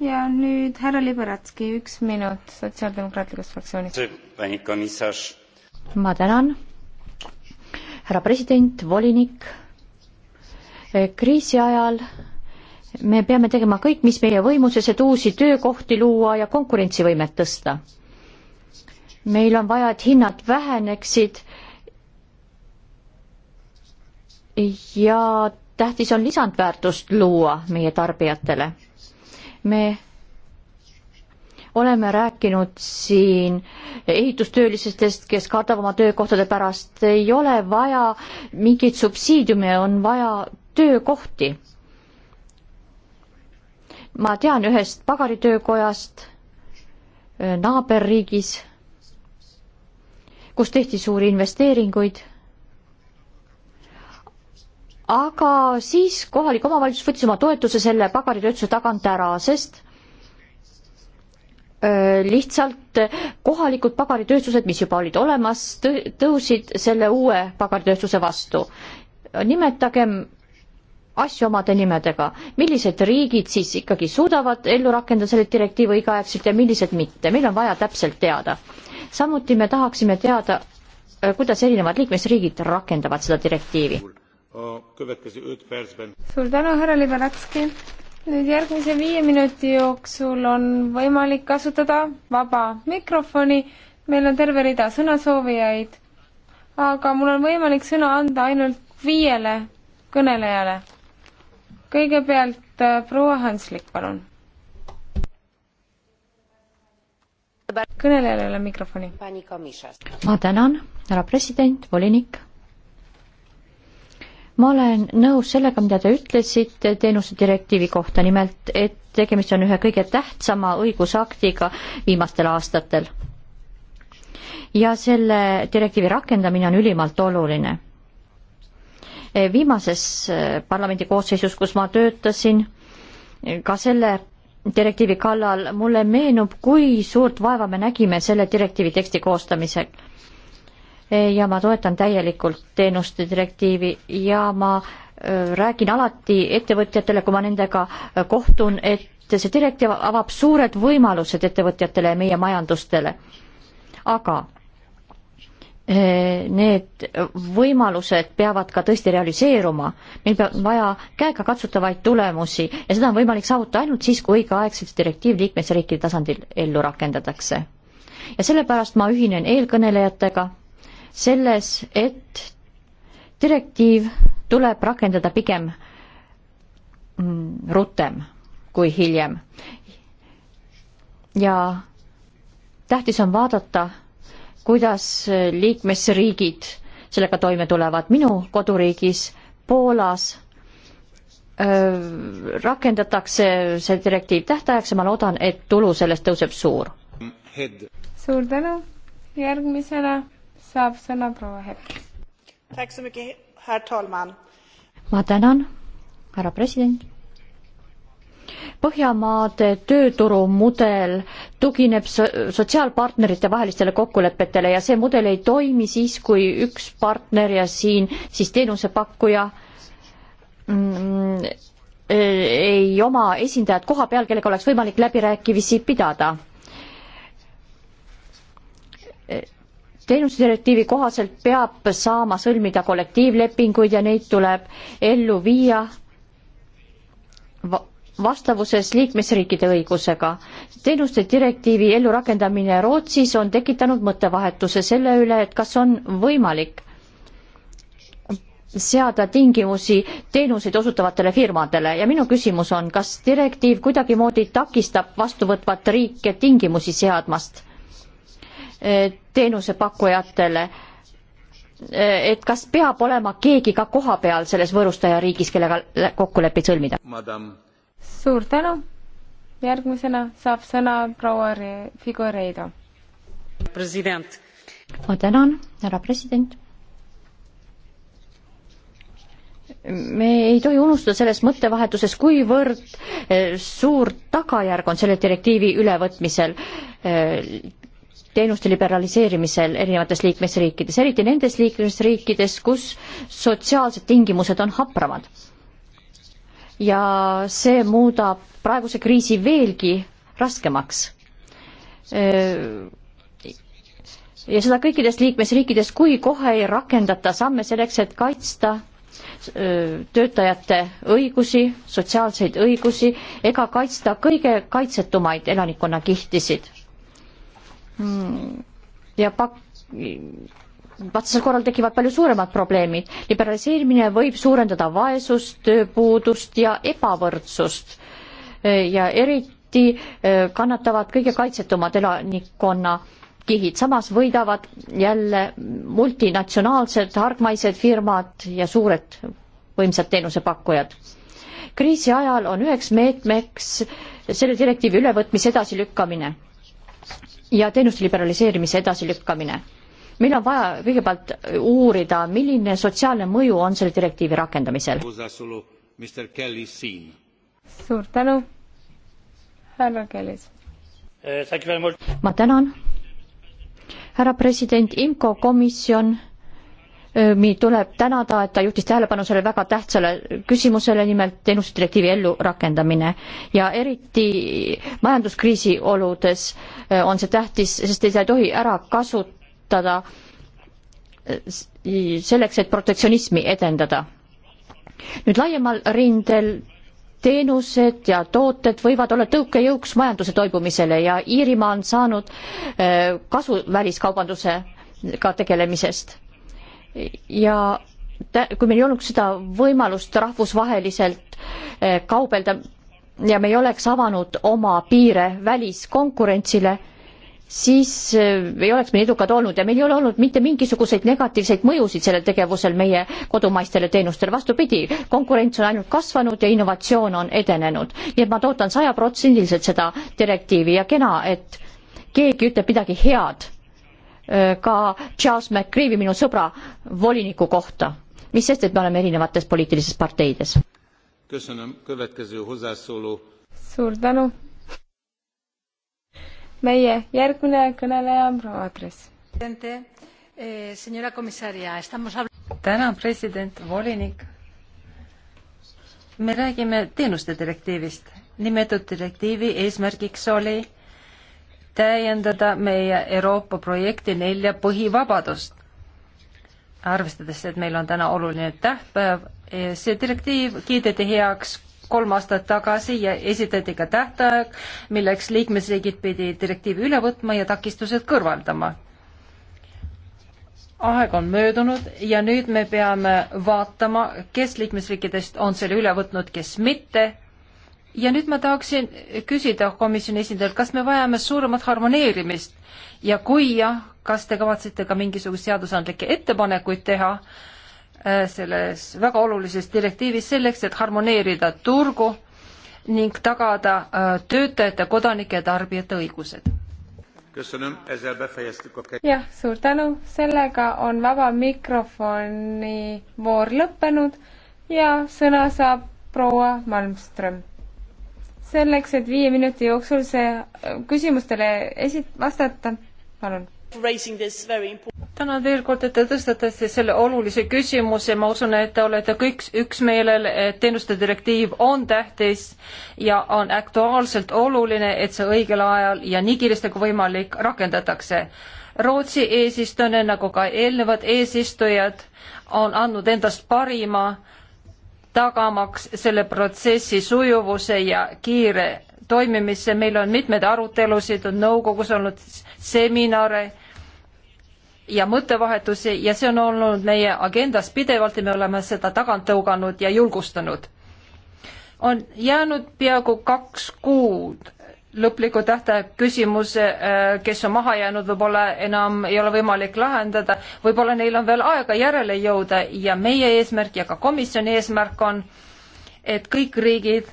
ja nüüd härra Liberatski, üks minut Sotsiaaldemokraatlikust fraktsioonist. ma tänan, härra president, volinik. Eh, kriisi ajal me peame tegema kõik, mis meie võimuses, et uusi töökohti luua ja konkurentsivõimet tõsta. meil on vaja, et hinnad väheneksid ja tähtis on lisandväärtust luua meie tarbijatele me oleme rääkinud siin ehitustöölistest, kes kardavad oma töökohtade pärast, ei ole vaja mingeid subsiidiume, on vaja töökohti. ma tean ühest pagaritöökojast eh, naaberriigis, kus tehti suuri investeeringuid aga siis kohalik omavalitsus võttis oma toetuse selle pagaritöötluse tagant ära, sest öö, lihtsalt kohalikud pagaritööstused, mis juba olid olemas, tõusid selle uue pagaritööstuse vastu. nimetagem asju omade nimedega, millised riigid siis ikkagi suudavad ellu rakendada selle direktiivi õigeaegselt ja millised mitte, meil on vaja täpselt teada. samuti me tahaksime teada, kuidas erinevad liikmesriigid rakendavad seda direktiivi suur tänu, härra Liberatski. nüüd järgmise viie minuti jooksul on võimalik kasutada vaba mikrofoni. meil on terve rida sõnasoovijaid, aga mul on võimalik sõna anda ainult viiele kõnelejale. kõigepealt äh, proua Hanslik, palun. kõnelejale mikrofoni. ma tänan, härra president, volinik ma olen nõus sellega, mida te ütlesite teenuste direktiivi kohta, nimelt et tegemist on ühe kõige tähtsama õigusaktiga viimastel aastatel. ja selle direktiivi rakendamine on ülimalt oluline. E, viimases e, parlamendi koosseisus, kus ma töötasin, ka selle direktiivi kallal, mulle meenub, kui suurt vaeva me nägime selle direktiivi teksti koostamisel ja ma toetan täielikult teenuste direktiivi ja ma äh, räägin alati ettevõtjatele, kui ma nendega äh, kohtun, et see direktiiv avab suured võimalused ettevõtjatele ja meie majandustele. aga äh, need võimalused peavad ka tõesti realiseeruma. meil on vaja käegakatsutavaid tulemusi ja seda on võimalik saavutada ainult siis, kui õigeaegselt see direktiiv liikmesriikide tasandil ellu rakendatakse. ja sellepärast ma ühinen eelkõnelejatega selles, et direktiiv tuleb rakendada pigem mm, rutem kui hiljem. ja tähtis on vaadata, kuidas liikmesriigid sellega toime tulevad. minu koduriigis Poolas öö, rakendatakse see direktiiv tähtajaks ja ma loodan, et tulu sellest tõuseb suur. suur tänu, järgmisena saab sõna proua Hepp. ma tänan, härra president. Põhjamaade tööturumudel tugineb so sotsiaalpartnerite vahelistele kokkulepetele ja see mudel ei toimi siis, kui üks partner ja siin siis teenusepakkuja mm, eh, ei oma esindajat koha peal, kellega oleks võimalik läbirääkimisi pidada eh, teenuste direktiivi kohaselt peab saama sõlmida kollektiivlepinguid ja neid tuleb ellu viia vastavuses liikmesriikide õigusega. teenuste direktiivi ellurakendamine Rootsis on tekitanud mõttevahetuse selle üle, et kas on võimalik seada tingimusi teenuseid osutavatele firmadele ja minu küsimus on, kas direktiiv kuidagimoodi takistab vastuvõtvat riike tingimusi seadmast Eh, teenusepakkujatele, eh, et kas peab olema keegi ka kohapeal selles võõrustajariigis, kellega kokkuleppeid sõlmida? suur tänu, järgmisena saab sõna proua Figueiredo. president. ma tänan, härra president me ei tohi unustada selles mõttevahetuses, kuivõrd eh, suur tagajärg on selle direktiivi ülevõtmisel teenuste liberaliseerimisel erinevates liikmesriikides, eriti nendes liikmesriikides, kus sotsiaalsed tingimused on hapramad. ja see muudab praeguse kriisi veelgi raskemaks. ja seda kõikides liikmesriikides, kui kohe ei rakendata samme selleks, et kaitsta töötajate õigusi, sotsiaalseid õigusi ega kaitsta kõige kaitsetumaid elanikkonnakihtisid ja pak-, vastasel korral tekivad palju suuremad probleemid. liberaliseerimine võib suurendada vaesust, tööpuudust ja ebavõrdsust ja eriti e, kannatavad kõige kaitsetumad elanikkonna kihid, samas võidavad jälle multinatsionaalsed hargmaised firmad ja suured võimsad teenusepakkujad. kriisi ajal on üheks meetmeks selle direktiivi ülevõtmise edasilükkamine ja teenuste liberaliseerimise edasilükkamine. meil on vaja kõigepealt uurida, milline sotsiaalne mõju on selle direktiivi rakendamisel. suur tänu, härra Kellis. Eh, ma tänan. härra president, IMCO komisjon mind tuleb tänada, et ta juhtis tähelepanu sellele väga tähtsale küsimusele, nimelt teenuste direktiivi ellurakendamine. ja eriti majanduskriisi oludes on see tähtis, sest ei, seda ei tohi ära kasutada selleks, et protektsionismi edendada. nüüd laiemal rindel teenused ja tooted võivad olla tõukejõuks majanduse toibumisele ja Iirimaa on saanud kasu väliskaubandusega tegelemisest ja kui meil ei olnud seda võimalust rahvusvaheliselt eh, kaubelda ja me ei oleks avanud oma piire väliskonkurentsile, siis eh, ei oleks me edukad olnud ja meil ei ole olnud mitte mingisuguseid negatiivseid mõjusid sellel tegevusel meie kodumaistele teenustele, vastupidi, konkurents on ainult kasvanud ja innovatsioon on edenenud. nii et ma tootan sajaprotsendiliselt seda direktiivi ja kena, et keegi ütleb midagi head Äh, ka Charles McCreevy, minu sõbra, voliniku kohta. mis sest, et me oleme erinevates poliitilises parteides. suur tänu. meie järgmine kõneleja on proua Andres. Eh, tänan, president, volinik. me räägime teenuste direktiivist. nimetatud direktiivi eesmärgiks oli täiendada meie Euroopa projekti nelja põhivabadust. arvestades, et meil on täna oluline tähtpäev, eh, see direktiiv kiideti heaks kolm aastat tagasi ja esitati ka tähtaeg, milleks liikmesriigid pidi direktiivi üle võtma ja takistused kõrvaldama aeg on möödunud ja nüüd me peame vaatama, kes liikmesriikidest on selle üle võtnud, kes mitte ja nüüd ma tahaksin küsida komisjoni esindajalt, kas me vajame suuremat harmoneerimist ja kui jah, kas te kavatsete ka mingisuguseid seadusandlikke ettepanekuid teha äh, selles väga olulises direktiivis selleks, et harmoneerida turgu ning tagada äh, töötajate, kodanike ja tarbijate õigused? jah, suur tänu, sellega on vaba mikrofoni voor lõppenud ja sõna saab proua Malmström selleks, et viie minuti jooksul see äh, küsimustele esi-, vastata, palun. tänan veel kord, et te tõstatasite selle olulise küsimuse, ma usun, et te olete kõik üksmeelel, et teenuste direktiiv on tähtis ja on aktuaalselt oluline, et see õigel ajal ja nii kiiresti kui võimalik rakendatakse. Rootsi eesistujana nagu ka eelnevad eesistujad on andnud endast parima tagamaks selle protsessi sujuvuse ja kiire toimimisse, meil on mitmeid arutelusid, on nõukogus olnud seminare ja mõttevahetusi ja see on olnud meie agendas pidevalt ja me oleme seda tagant tõuganud ja julgustanud. on jäänud peaaegu kaks kuud lõpliku tähtaja küsimus, äh, kes on maha jäänud, võib-olla enam ei ole võimalik lahendada, võib-olla neil on veel aega järele jõuda ja meie eesmärk ja ka komisjoni eesmärk on, et kõik riigid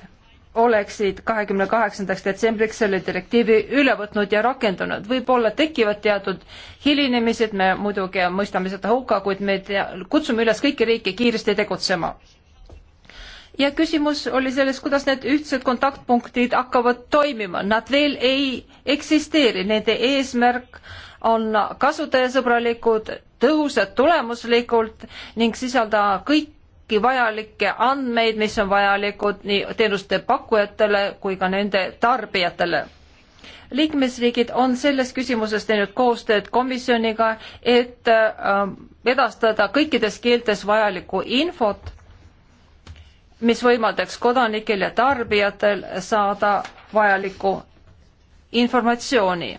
oleksid kahekümne kaheksandaks detsembriks selle direktiivi üle võtnud ja rakendunud. võib-olla tekivad teatud hilinemised, me muidugi mõistame seda hukka, kuid me tea, kutsume üles kõiki riike kiiresti tegutsema ja küsimus oli selles, kuidas need ühtsed kontaktpunktid hakkavad toimima, nad veel ei eksisteeri, nende eesmärk on kasutajasõbralikud, tõhusad tulemuslikult ning sisalda kõiki vajalikke andmeid, mis on vajalikud nii teenuste pakkujatele kui ka nende tarbijatele. liikmesriigid on selles küsimuses teinud koostööd komisjoniga, et äh, edastada kõikides keeltes vajalikku infot mis võimaldaks kodanikel ja tarbijatel saada vajalikku informatsiooni.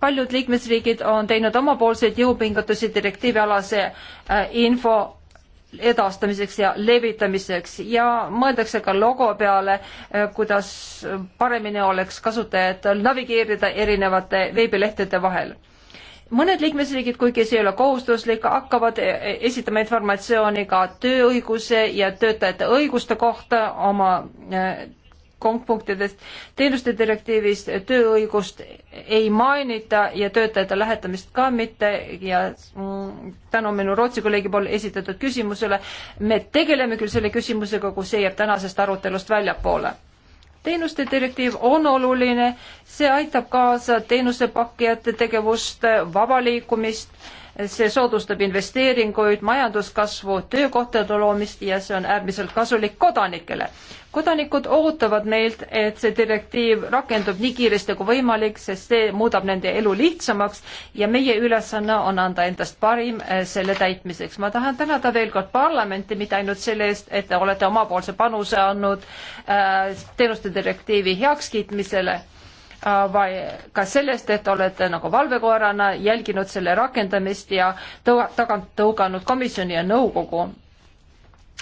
paljud liikmesriigid on teinud omapoolseid jõupingutusi direktiivialase äh, info edastamiseks ja levitamiseks ja mõeldakse ka logo peale, äh, kuidas paremini oleks kasutajatel navigeerida erinevate veebilehtede vahel mõned liikmesriigid, kuigi see ei ole kohustuslik, hakkavad e-, e-, esitama informatsiooni ka tööõiguse ja töötajate õiguste kohta oma e, konkpunktidest. teenuste direktiivis tööõigust ei mainita ja töötajate lähetamist ka mitte ja tänu minu Rootsi kolleegi poole esitatud küsimusele, me tegeleme küll selle küsimusega, kus see jääb tänasest arutelust väljapoole teenuste direktiiv on oluline, see aitab kaasa teenusepakkijate tegevust, vaba liikumist, see soodustab investeeringuid, majanduskasvu, töökohtade loomist ja see on äärmiselt kasulik kodanikele kodanikud ootavad meilt, et see direktiiv rakendub nii kiiresti kui võimalik, sest see muudab nende elu lihtsamaks ja meie ülesanne on anda endast parim eh, selle täitmiseks. ma tahan tänada veel kord parlamenti, mitte ainult selle eest, et te olete omapoolse panuse andnud äh, teenuste direktiivi heakskiitmisele äh,, vaid ka sellest, et olete nagu valvekoerana jälginud selle rakendamist ja tõu-, tagant tõuganud komisjoni ja nõukogu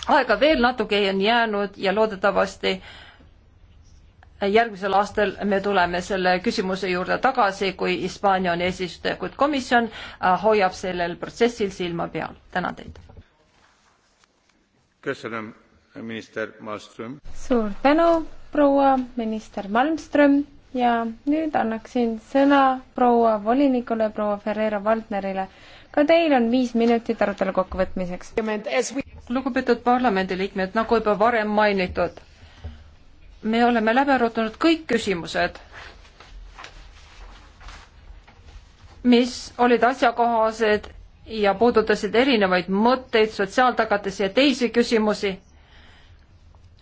aega veel natuke on jäänud ja loodetavasti järgmisel aastal me tuleme selle küsimuse juurde tagasi, kui Hispaania on eesistuja, kuid komisjon äh, hoiab sellel protsessil silma peal. tänan teid. suur tänu, proua minister Malmström ja nüüd annaksin sõna proua volinikule, proua Ferreira Valdnerile ka teil on viis minutit arutelu kokkuvõtmiseks. lugupeetud parlamendiliikmed, nagu juba varem mainitud, me oleme läbi arutanud kõik küsimused, mis olid asjakohased ja puudutasid erinevaid mõtteid, sotsiaaltagatisi ja teisi küsimusi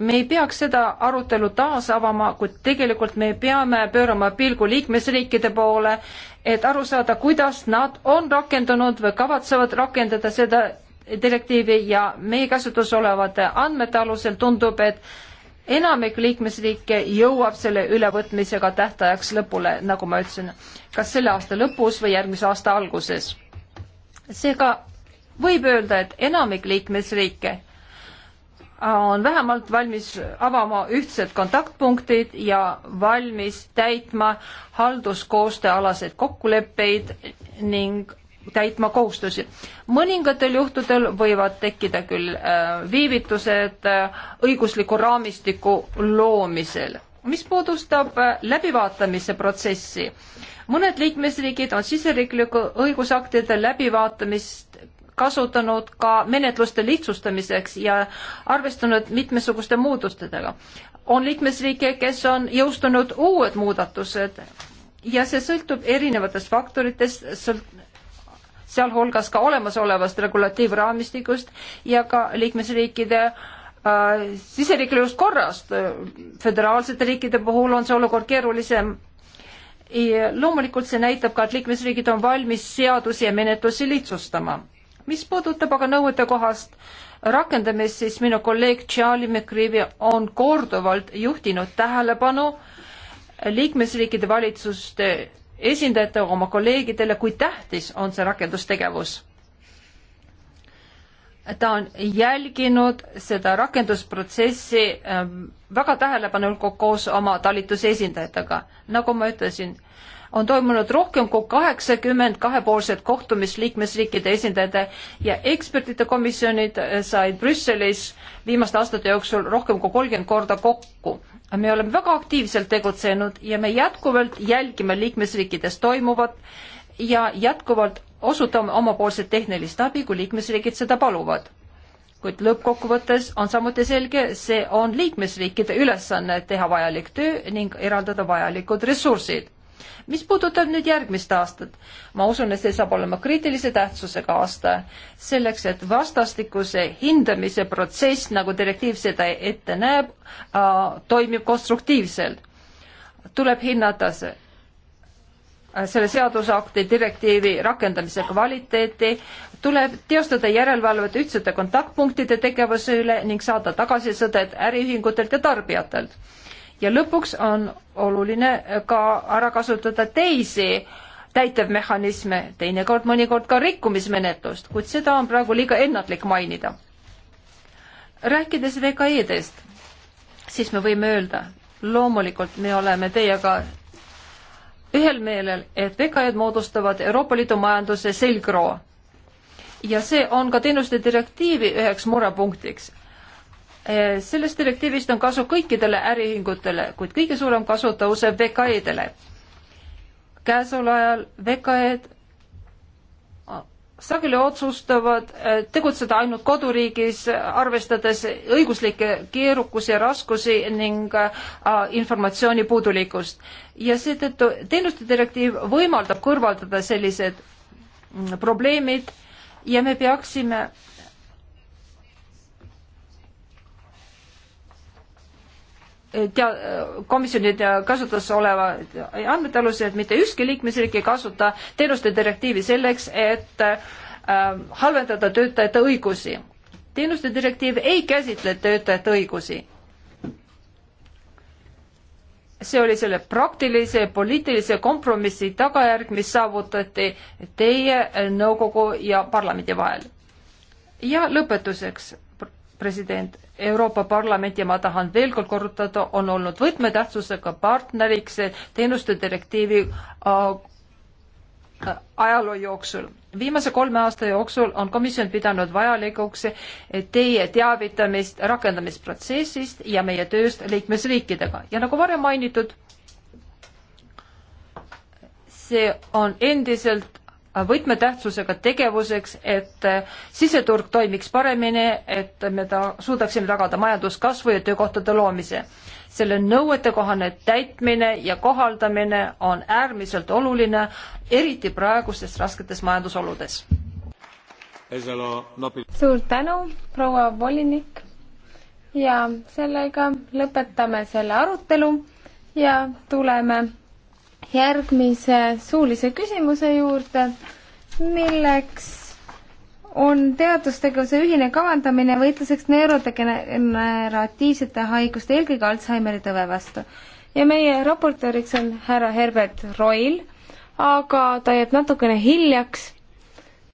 me ei peaks seda arutelu taas avama, kuid tegelikult me peame pöörama pilgu liikmesriikide poole, et aru saada, kuidas nad on rakendanud või kavatsevad rakendada seda direktiivi ja meie käsutus olevate andmete alusel tundub, et enamik liikmesriike jõuab selle ülevõtmisega tähtajaks lõpule, nagu ma ütlesin, kas selle aasta lõpus või järgmise aasta alguses. seega võib öelda, et enamik liikmesriike on vähemalt valmis avama ühtsed kontaktpunktid ja valmis täitma halduskoostööalaseid kokkuleppeid ning täitma kohustusi. mõningatel juhtudel võivad tekkida küll äh, viivitused äh, õigusliku raamistiku loomisel. mis puudustab äh, läbivaatamise protsessi, mõned liikmesriigid on siseriikliku õigusaktide läbivaatamist kasutanud ka menetluste lihtsustamiseks ja arvestanud mitmesuguste muutustega. on liikmesriike, kes on jõustunud uued muudatused ja see sõltub erinevatest faktoritest, sealhulgas ka olemasolevast regulatiivraamistikust ja ka liikmesriikide äh, siseriiklikust korrast. föderaalsete riikide puhul on see olukord keerulisem Ja loomulikult see näitab ka, et liikmesriigid on valmis seadusi ja menetlusi lihtsustama mis puudutab aga nõuetekohast rakendamist, siis minu kolleeg Charlie McRivi on korduvalt juhtinud tähelepanu liikmesriikide valitsuste esindajatele, oma kolleegidele, kui tähtis on see rakendustegevus. ta on jälginud seda rakendusprotsessi ähm, väga tähelepanelikult koos oma talituse esindajatega. nagu ma ütlesin, on toimunud rohkem kui kaheksakümmend kahepoolset kohtumist liikmesriikide esindajate ja ekspertide komisjonid eh, said Brüsselis viimaste aastate jooksul rohkem kui kolmkümmend korda kokku. me oleme väga aktiivselt tegutsenud ja me jätkuvalt jälgime liikmesriikides toimuvat ja jätkuvalt osutame omapoolset tehnilist abi, kui liikmesriigid seda paluvad kuid lõppkokkuvõttes on samuti selge, see on liikmesriikide ülesanne teha vajalik töö ning eraldada vajalikud ressursid mis puudutab nüüd järgmist aastat, ma usun, et see saab olema kriitilise tähtsusega aasta, selleks et vastastikuse hindamise protsess, nagu direktiiv seda ette näeb, äh, toimib konstruktiivselt. tuleb hinnata see äh, selle seadusakti direktiivi rakendamise kvaliteeti, tuleb teostada järelevalvet ühtsete kontaktpunktide tegevuse üle ning saada tagasisidet äriühingutelt ja tarbijatelt ja lõpuks on oluline ka ära kasutada teisi täitevmehhanisme, teinekord, mõnikord ka rikkumismenetlust, kuid seda on praegu liiga ennatlik mainida. rääkides VKE-dest, siis me võime öelda, loomulikult me oleme teiega ühel meelel, et VKE-d moodustavad Euroopa Liidu majanduse selgroo. ja see on ka teenuste direktiivi üheks murepunktiks Eh, sellest direktiivist on kasu kõikidele äriühingutele, kuid kõige suurem kasu tõuseb VKE-dele. käesoleval VKE-d ah, sageli otsustavad eh, tegutseda ainult koduriigis, arvestades õiguslikke keerukusi ja raskusi ning eh, ah, informatsiooni puudulikkust. ja seetõttu teenuste direktiiv võimaldab kõrvaldada sellised mm, probleemid ja me peaksime tea-, komisjonide kasutuses oleva andmete alusel, et mitte ükski liikmesriik ei kasuta teenuste direktiivi selleks, et äh, halvendada töötajate õigusi. teenuste direktiiv ei käsitle töötajate õigusi. see oli selle praktilise poliitilise kompromissi tagajärg, mis saavutati teie äh, nõukogu ja parlamendi vahel. ja lõpetuseks, president Euroopa Parlament ja ma tahan veel kord korrutada, on olnud võtmetähtsusega partneriks teenuste direktiivi äh, äh, ajaloo jooksul. viimase kolme aasta jooksul on komisjon pidanud vajalikuks äh, teie teavitamist rakendamisprotsessist ja meie tööst liikmesriikidega ja nagu varem mainitud, see on endiselt võtmetähtsusega tegevuseks, et äh, siseturg toimiks paremini, et me ta suudaksime tagada majanduskasvu ja töökohtade loomise. selle nõuetekohane täitmine ja kohaldamine on äärmiselt oluline, eriti praegustes rasketes majandusoludes. suur tänu, proua volinik ja sellega lõpetame selle arutelu ja tuleme järgmise suulise küsimuse juurde, milleks on teadustegevuse ühine kavandamine võitluseks neurodegeneratiivsete haiguste, eelkõige Alžeimeri tõve vastu. ja meie raportööriks on härra Herbert Roil, aga ta jääb natukene hiljaks